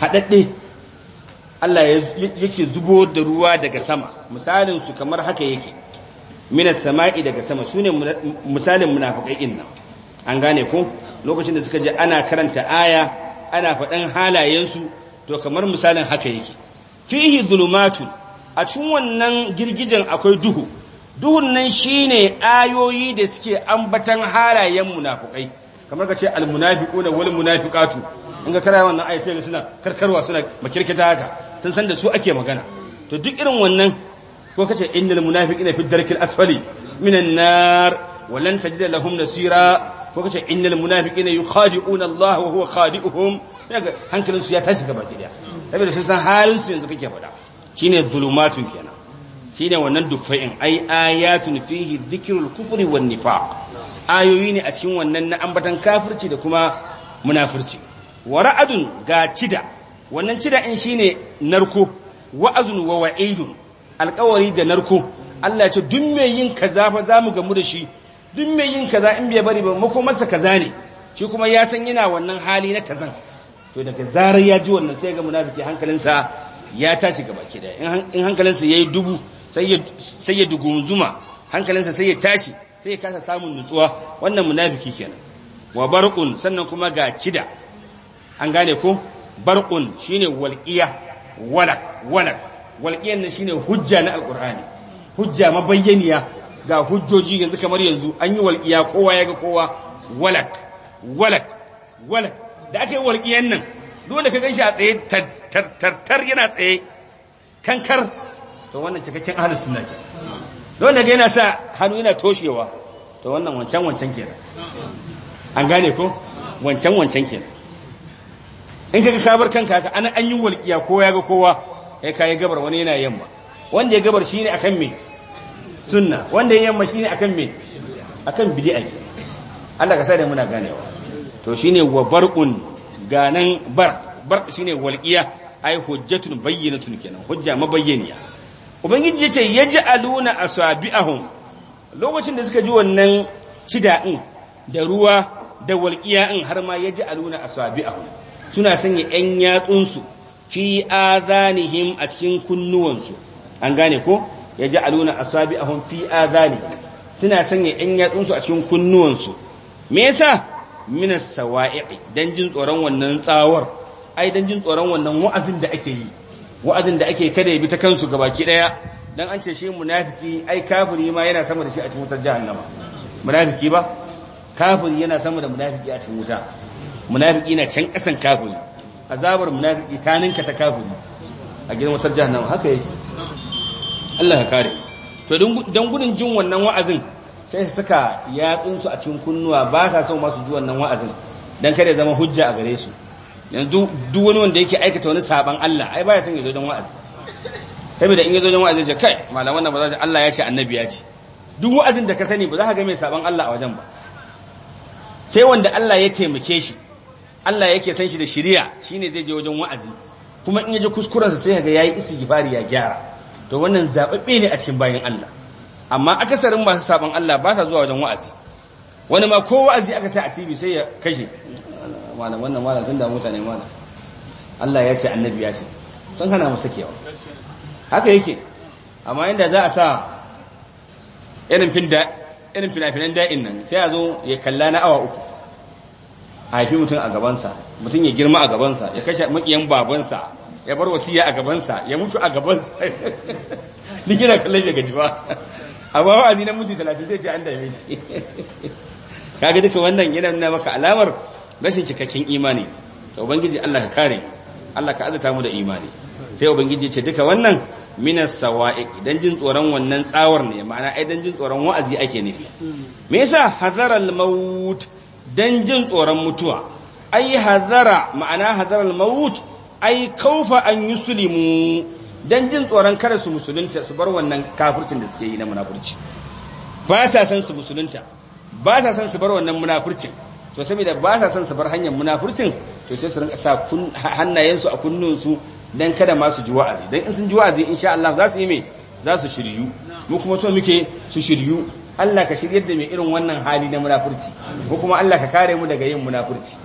haɗaɗɗe Allah yake zubo da ruwa daga sama misalin su kamar haka yake minas sama'i daga sama sune misalin munafiqai inna an gane ko lokacin da suka je ana karanta aya ana faɗan halayensu to kamar misalin haka yake fihi zulumatun a cikin wannan girgijen akwai duhu duhun nan shine ayoyi da suke ambatan halayen munafukai kamar ce almunafiquna wal munafiqatu in ga karaya wannan ayi sai ga suna karkarwa suna makirkita haka sun san da su ake magana to duk irin wannan ko kace innal munafiqina fi darkil asfali minan nar walan tajida lahum nasira ko kace innal munafiqina yukhadi'una Allah wa huwa khadi'uhum daga hankalin su ya tashi gaba kidaya saboda sun san halin su yanzu kake faɗa shine zulumatun kenan shine wannan dufa'in ai ayatun fihi dhikrul kufri wan nifaq ayoyi ne a cikin wannan na ambatan kafirci da kuma munafirci wa ga cida wannan cida in shine narko wa'azun wa wa'idun alƙawari da narko Allah ya ce duk mai yin kaza fa zamu gamu da shi duk mai yin kaza in bai bari ba masa kaza ne shi kuma ya san yana wannan hali na kazan to daga zarar ya ji wannan sai ga munafiki hankalinsa ya tashi gaba ke da in hankalinsa ya yi dubu sai ya dugunzuma hankalinsa sai ya tashi sai ya kasa samun nutsuwa wannan munafiki kenan wa barqun sannan kuma ga cida an gane ko barqun shine walqiya walak walak walqiyan shine hujja na alqur'ani hujja mabayyaniya ga hujjoji yanzu kamar yanzu an yi walƙiya kowa ya ga kowa walak walak walak da aka yi walƙiyan nan dole ka ganshi a tsaye tartar yana tsaye kankar to wannan cikakken ahlus sunna ke dole ga yana sa hannu yana toshewa to wannan wancan wancan ke an gane ko wancan wancan ke in ka ka bar kanka ka an an yi walƙiya kowa ya ga kowa kai kai gabar wani yana yamma wanda ya gabar shine akan me sunna wanda ya yamma shine akan me akan bid'a ke Allah ka sa da muna ganewa to shine wa barqun ganan barq barq shine walqiya ai hujjatun bayyinatun kenan hujja mabayyaniya ubangiji yace yaj'aluna asabi'ahum lokacin da suka ji wannan cida in da ruwa da walqiya in har ma yaj'aluna asabi'ahum suna sanya yan yatsunsu fi azanihim a cikin kunnuwansu an gane ko a asabi'ahum fi zane suna sanya ɗin yatsunsu a cikin kunnuwansu me yasa minas sawa'iqi don jin tsoron wannan tsawar ai don jin tsoron wannan wa'azin da ake yi wa'azin da ake kada ya bi ta kansu gabaki ɗaya don an ce shi munafiki ai kafiri ma yana sama da shi a cikin wutar jahannama munafiki ba kafiri yana sama da munafiki a cikin wuta munafiki na can kasan kafiri azabar munafiki ta ninka ta kafiri a gidan wutar jahannama haka yake Allah ya kare to don gudun jin wannan wa'azin sai su saka yatsunsu a cikin kunnuwa ba sa son masu ji wannan wa'azin don kada zama hujja a gare su yanzu duk wani wanda yake aikata wani saban Allah ai baya son ya zo don wa'azi saboda in ya zo don wa'azi ya kai malaman nan ba za Allah ya ce annabi ya ce duk wa'azin da ka sani ba za ka ga mai saban Allah a wajen ba sai wanda Allah ya taimake shi Allah yake san shi da shiriya shine zai je wajen wa'azi kuma in ya ji kuskurensa sai ka ga yayi istighfari ya gyara to wannan zaɓaɓɓe ne a cikin bayan Allah amma akasarin masu sabon Allah ba sa zuwa wajen wa'azi wani ma ko wa'azi aka sa a TV sai ya kashe malam wannan sun damu mutane malam Allah ya ce annabi ya ce sun hana mu sakewa haka yake amma inda za a sa irin fin da fina-finan da'in nan sai a zo ya kalla na awa uku a haifi mutum a gabansa mutum ya girma a gabansa ya kashe makiyan babansa ya bar wasiya a gabansa ya mutu a gabansa ni kina kallon bai gaji ba amma wa'azi na mutu talatin sai ce an dame shi kaga duka wannan yana nuna maka alamar rashin cikakken imani to ubangiji Allah ka kare Allah ka azata mu da imani sai ubangiji ce duka wannan minas sawa'iq dan jin tsoron wannan tsawar ne ma'ana ai dan jin tsoron wa'azi ake nufi me yasa hadaral maut dan jin tsoron mutuwa ai hadara ma'ana hadaral maut ai kaufa an sulimu don jin tsoron kada su musulunta su bar wannan kafircin da suke yi na munafurci ba sa san su musulunta ba sa san su bar wannan munafurcin to saboda ba sa san su bar hanyar munafurcin to sai su rinka sa hannayensu a kunnunsu don kada ma su ji wa'azi don in sun ji wa'azi insha Allah za su yi mai za su shiryu mu kuma so muke su shiryu Allah ka shiryar da mai irin wannan hali na munafurci ko kuma Allah ka kare mu daga yin munafurci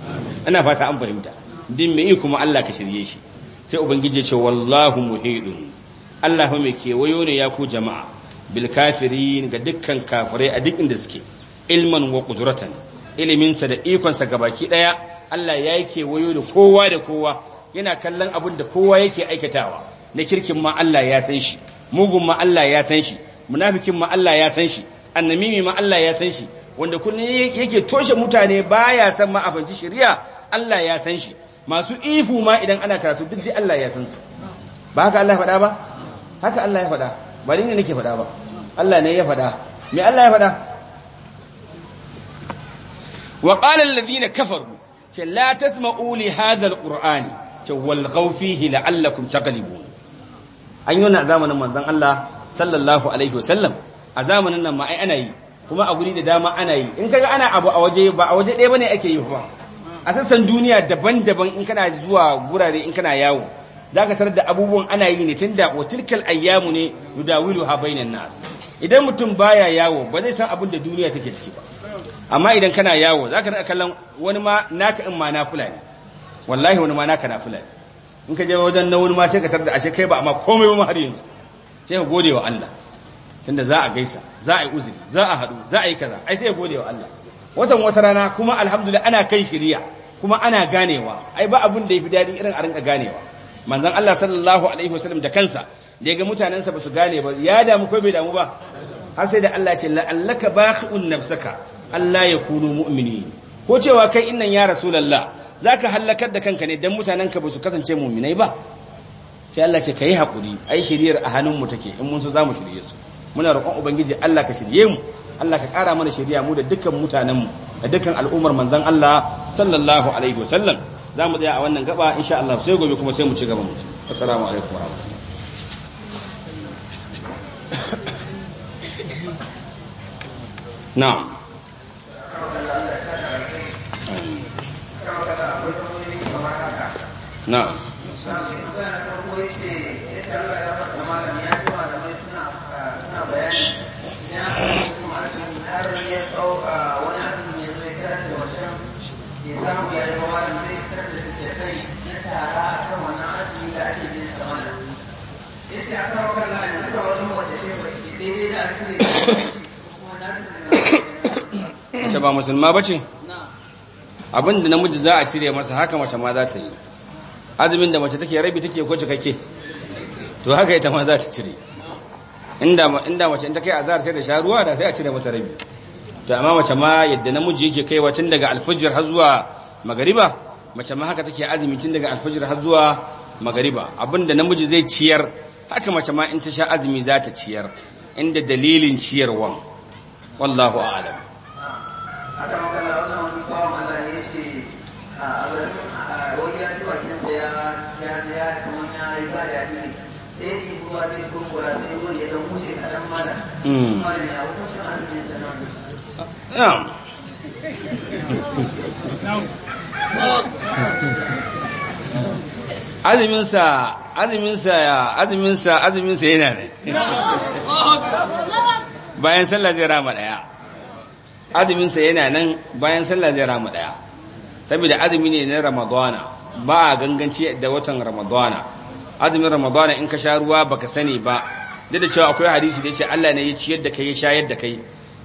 ana fata an fahimta din mai kuma Allah ka shirye shi sai ubangiji ce wallahu muhidun Allah mai mai kewayo ne ya ku jama'a bil kafirin ga dukkan kafirai a duk inda suke ilman wa qudratan ilimin sa da ikon sa gabaki daya Allah ya yake kewayo da kowa da kowa yana kallon abin da kowa yake aikatawa na kirkin ma Allah ya san shi mugun ma Allah ya san shi munafikin ma Allah ya san shi annamimi ma Allah ya san shi wanda kullum yake toshe mutane baya san ma afanci shari'a Allah ya san shi masu ihu ma idan ana karatu duk dai Allah ya san su ba haka Allah ya faɗa ba haka Allah ya faɗa ba ni ne nake faɗa ba Allah ne ya faɗa me Allah ya faɗa wa qala alladhina kafaru ce la tasma'u li hadha alqur'ani ce wal fihi la'allakum taqlibun an yi wannan a zamanin manzon Allah sallallahu alaihi wasallam a zamanin nan ma ai ana yi kuma a guri da dama ana yi in kaga ana abu a waje ba a waje ɗaya bane ake yi ba a sassan duniya daban-daban in kana zuwa gurare in kana yawo ka tarar da abubuwan ana yi ne tun da watilkal ayyamu ne yudawilu ha bainan nas idan mutum baya yawo ba zai san abin da duniya take ciki ba amma idan kana yawo za ka rika kallon wani ma naka in ma na ne wallahi wani ma naka na ne in ka je wajen na wani ma sai ka tarar da ashe kai ba amma komai ba har yanzu sai ka gode wa Allah tunda za a gaisa za a yi uzuri za a haɗu za a yi kaza ai sai ya gode wa Allah watan wata rana kuma alhamdulillah ana kan shiriya kuma ana ganewa ai ba abin da yafi dadi irin a rinka ganewa manzon Allah sallallahu alaihi wasallam da kansa da ya ga mutanansa ba su gane ba ya damu ko bai damu ba har sai da Allah ce la'allaka baqi'un nafsaka Allah ya kunu mu'mini ko cewa kai innan ya rasulullah zaka halakar da kanka ne dan mutananka ba su kasance mu'minai ba sai Allah ce kai hakuri ai shiriyar a hannun mu take in mun so zamu shirye su muna roƙon ubangiji Allah ka shirye mu Allah ka ƙara mana shari'a mu da dukkan mutanenmu da dukkan al'ummar manzon Allah sallallahu alaihi wa sallam za mu tsaya a wannan gaba insha Allah sai gobe kuma sai mu ci gaba mu assalamu alaikum wa rahmatullahi na'am na'am mace ba musulma ba ce abin da namiji za a cire masa haka mace ma za ta yi azumin da mace take rabi take ko cikakke to haka ita ma za ta cire inda mace in ta kai azhar sai da sha ruwa da sai a cire mata rabi to amma mace ma yadda namiji yake kaiwa tun daga alfajir har zuwa magariba mace ma haka take azumi tun daga alfajir har zuwa magariba abinda namiji zai ciyar haka mace ma in ta sha azumi za ta ciyar inda dalilin ciyarwan wallahu a'lam Yeah. Aziminsa azuminsa aziminsa aziminsa yana ne bayan sallah zai rama daya aziminsa yana nan bayan sallah zai rama daya saboda azumi ne na ramadana ba a ganganci da watan ramadana azumin ramadana in ka sha ruwa baka sani ba duk da cewa akwai hadisi da ce Allah ne ya ciyar da kai ya shayar da kai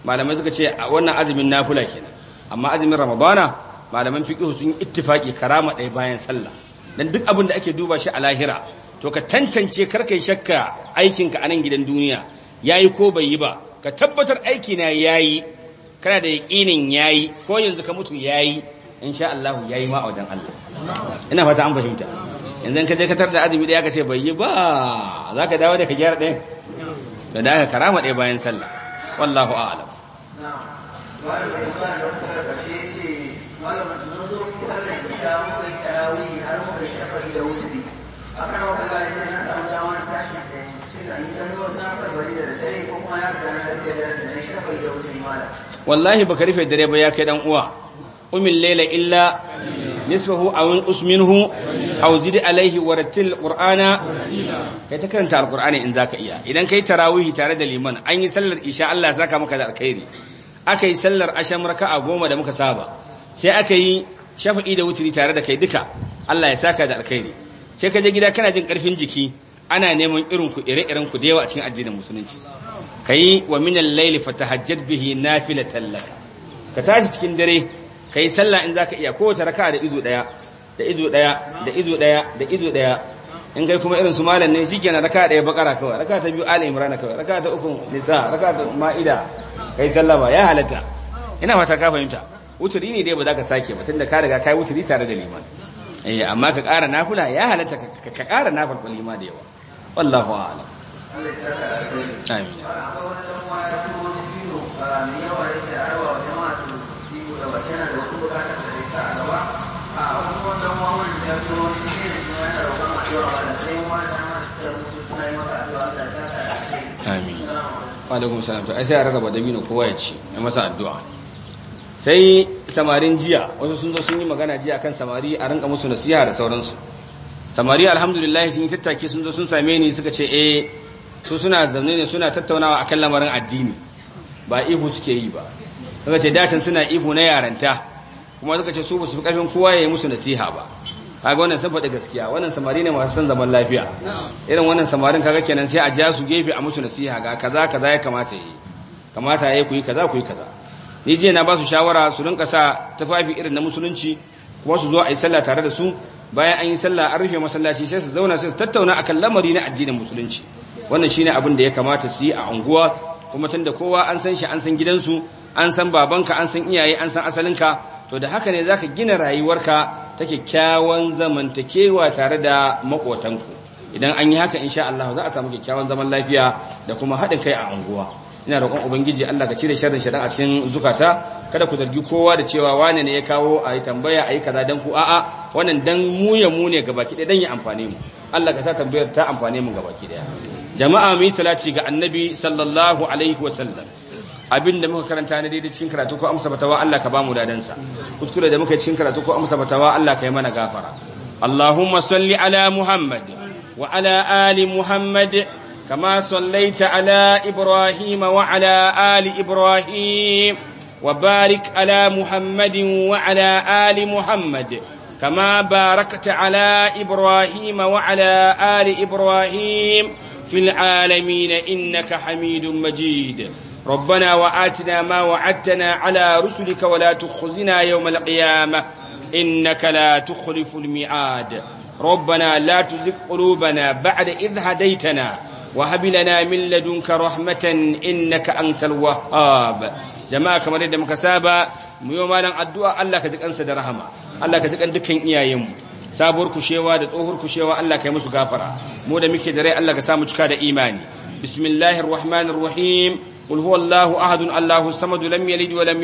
malamai suka ce wannan azumin nafila kenan amma azumin ramadana malaman fiqh sun ittifaki karama ɗaya bayan sallah dan duk abin da ake duba shi a lahira to ka tantance kar karkai shakka aikinka a nan gidan duniya yayi ko bai yi ba ka tabbatar aiki na yayi kana da yaqinin yayi ko yanzu ka mutu yayi insha Allah yayi ma a wajen Allah ina fata an fahimta yanzu ka je ka tarda azumi da ka ce bai yi ba zaka dawo da ka gyara ɗaya to da ka karama ɗaya bayan sallah wallahu a'lam malam mun zo sallar yi na da dare ko kuma da wallahi baka rufe dare ba ya kai dan uwa umin layla illa nisfahu aw inqus minhu aw zid alayhi wa rattil qur'ana kai ta karanta alqur'ani in zaka iya idan kai tarawih tare da liman an yi sallar isha Allah ya saka maka da alkhairi aka sallar asham raka'a goma da muka saba sai aka yi shafa'i da wuturi tare da kai duka Allah ya saka da alkhairi sai ka je gida kana jin karfin jiki ana neman irin ku ire-iren ku da yawa a cikin addinin musulunci kai wa min al fa fatahajjat bihi nafilatan lak ka tashi cikin dare kai sallah in zaka iya kowace raka'a da izo daya da izo daya da izo daya da izo daya in kai kuma irin su malam ne shikenan raka'a daya bakara kawai raka'a ta biyu ali imran kawai raka'a ta uku nisa raka'a ta maida kai sallama ya halatta ina fata ka fahimta wuturi ne dai ba za ka sake ba tunda ka riga kai wuturi tare da liman eh amma ka ƙara nafila ya halatta ka ƙara nafil lima da yawa wallahu a'lam amin Amin. Wa alaikum salam. Ai sai a rarraba da bino kowa ya ci, Ai masa addu'a. sai samarin jiya wasu sun zo sun yi magana jiya kan samari a rinka musu nasiha da sauransu samari alhamdulillah sun yi tattaki sun zo sun same ni suka ce eh su suna zaune ne suna tattaunawa akan lamarin addini ba ihu suke yi ba suka ce dacin suna ihu na yaranta kuma suka ce su ba su fi karfin kowa ya yi musu nasiha ba kaga wannan sun faɗi gaskiya wannan samari ne masu son zaman lafiya irin wannan samarin kaga kenan sai a ja su gefe a musu nasiha ga kaza kaza ya kamata yi kamata ya yi ku yi kaza ku yi kaza ni je na ba su shawara su rinka sa tafafi irin na musulunci kuma su zo a yi sallah tare da su bayan an yi sallah an rufe masallaci sai su zauna sai su tattauna akan lamari na addinin musulunci wannan shine abin da ya kamata su yi a unguwa kuma tunda kowa an san shi an san gidansu an san babanka an san iyaye an san asalinka to da haka ne zaka gina rayuwarka ta kyakkyawan zamantakewa tare da makotanku idan an yi haka insha Allah za a samu kyakkyawan zaman lafiya da kuma haɗin kai a unguwa ina roƙon ubangiji Allah ka cire sharrin shaɗan a cikin zukata kada ku zargi kowa da cewa wane ne ya kawo a yi tambaya a yi kaza dan ku a'a wannan dan mu ya mu ne gabaki ɗaya dan ya amfane mu Allah ka sa tambayar ta amfane mu gabaki ɗaya jama'a mu yi salati ga annabi sallallahu alaihi wa sallam abin da muka karanta na daidai cikin karatu ko amsa fatawa Allah ka ba mu dadansa kuskure da muka yi cikin karatu ko amsa fatawa Allah ka yi mana gafara Allahumma salli ala Muhammad wa ala ali Muhammad كما صليت على إبراهيم وعلى آل إبراهيم وبارك على محمد وعلى آل محمد كما باركت على إبراهيم وعلى آل إبراهيم في العالمين إنك حميد مجيد ربنا وآتنا ما وعدتنا على رسلك ولا تخزنا يوم القيامة إنك لا تخلف الميعاد ربنا لا تزغ قلوبنا بعد إذ هديتنا وهب لنا من لدنك رحمة إنك أنت الوهاب جماعة كما رد مكسابة addu'a Allah الدعاء الله كتك أنسى درهما الله كتك أن دكين إيايم sabuwar kushewa da tsohuwar kushewa Allah kai musu gafara mu da muke da rai Allah ka samu cika da imani bismillahir rahmanir rahim qul huwallahu ahadun Allahu samad lam yalid wa lam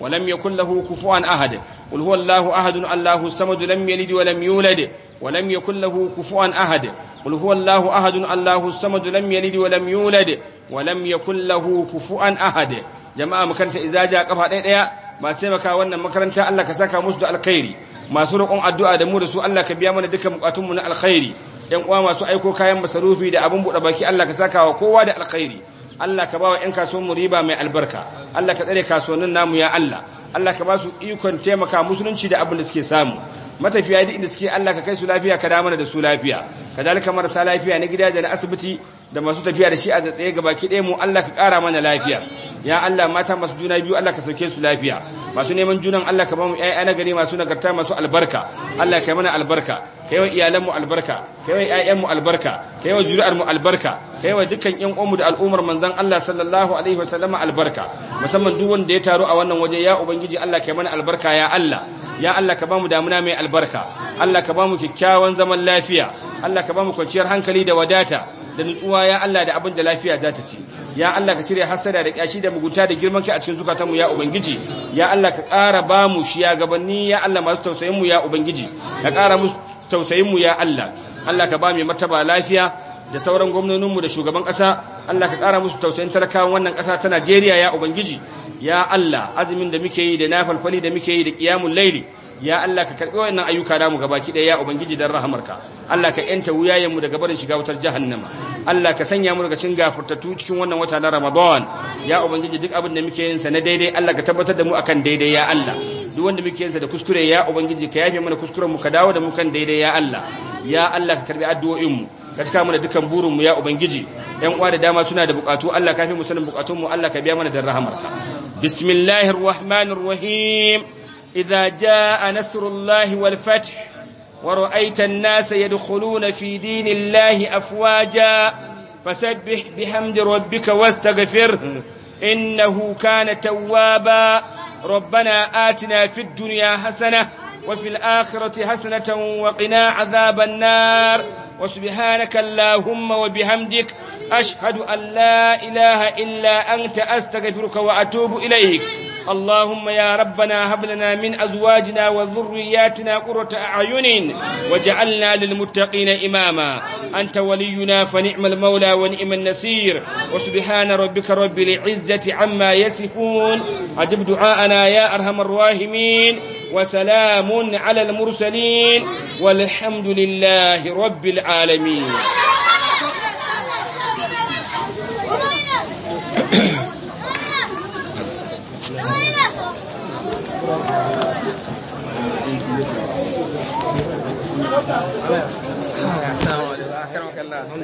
ولم يكن له كفوا أحد قل هو الله أحد الله الصمد لم يلد ولم يولد ولم يكن له كفوا أحد قل هو الله أحد الله الصمد لم يلد ولم يولد ولم يكن له كفوا أحد جماعة مكانت إذا جاء قفا ديا ما سيمكا wannan makaranta Allah ka saka musu da alkhairi masu roƙon addu'a da mu da su Allah ka biya mana dukkan bukatunmu na alkhairi ‘yan uwa masu aiko kayan masarufi da abin buɗe baki Allah ka saka wa kowa da alkhairi Allah ka bawa ƴan kasuwan mu riba mai albarka Allah ka tsare kasuwannin namu ya Allah Allah ka ba su ikon taimaka musulunci da abin da suke samu matafiya duk inda suke Allah ka kai su lafiya ka da da su lafiya ka dalika marasa lafiya na gida da na asibiti da masu tafiya da shi a tsaye ga baki ɗaya mu Allah ka ƙara mana lafiya ya Allah mata masu juna biyu Allah ka sauke su lafiya masu neman junan Allah ka bamu ƴaƴa na gari masu nagarta masu albarka Allah ka mana albarka ka yi wa iyalan mu albarka ka yi wa ƴaƴan mu albarka ka yi wa zuri'ar mu albarka ka yi wa dukkan ƴan mu da al'ummar manzon Allah sallallahu alaihi wasallama albarka musamman duk wanda ya taro a wannan waje ya ubangiji Allah ka mana albarka ya Allah ya Allah ka bamu damuna mai albarka Allah ka bamu kyakkyawan zaman lafiya Allah ka bamu kwanciyar hankali da wadata da nutsuwa ya Allah da abin da lafiya za ta ci ya Allah ka cire hasada da kyashi da mugunta da girman a cikin mu ya ubangiji ya Allah ka ƙara ba mu gabanni ya Allah masu tausayin mu ya ubangiji ka ƙara mu tausayin mu ya Allah Allah ka ba mu martaba lafiya da sauran mu da shugaban ƙasa Allah ka ƙara musu tausayin talakawan wannan ƙasa ta Najeriya ya Ubangiji ya Allah azumin da muke yi da na falfali da muke yi da ƙiyamun laili ya Allah ka karɓi wannan ayyuka namu gabaki ɗaya ya Ubangiji don rahamarka Allah ka ‘yanta wuyayenmu daga barin shiga wutar jahannama Allah ka sanya mu daga cikin gafartatu cikin wannan wata na Ramadan ya ubangiji duk abin da muke yin sa na daidai Allah ka tabbatar da mu akan daidai ya Allah duk wanda muke yin sa da kuskure ya ubangiji ka yafe mana kuskuren mu ka dawo da mu kan daidai ya Allah ya Allah ka karbi addu'o'in mu ka cika mana dukan burin mu ya ubangiji yan uwa da dama suna da bukatu Allah ka fi mu sanin bukatun mu Allah ka biya mana da rahamarka bismillahir rahmanir rahim idza jaa nasrullahi wal fath ورأيت الناس يدخلون في دين الله أفواجا فسبح بحمد ربك واستغفر إنه كان توابا ربنا آتنا في الدنيا حسنة وفي الآخرة حسنة وقنا عذاب النار وسبحانك اللهم وبحمدك أشهد أن لا إله إلا أنت أستغفرك وأتوب إليك اللهم يا ربنا هب لنا من أزواجنا وذرياتنا قرة أعين وجعلنا للمتقين إماما أنت ولينا فنعم المولى ونعم النسير وسبحان ربك رب العزة عما يصفون أجب دعاءنا يا أرحم الراحمين وسلام على المرسلين والحمد لله رب العالمين السلام علیکم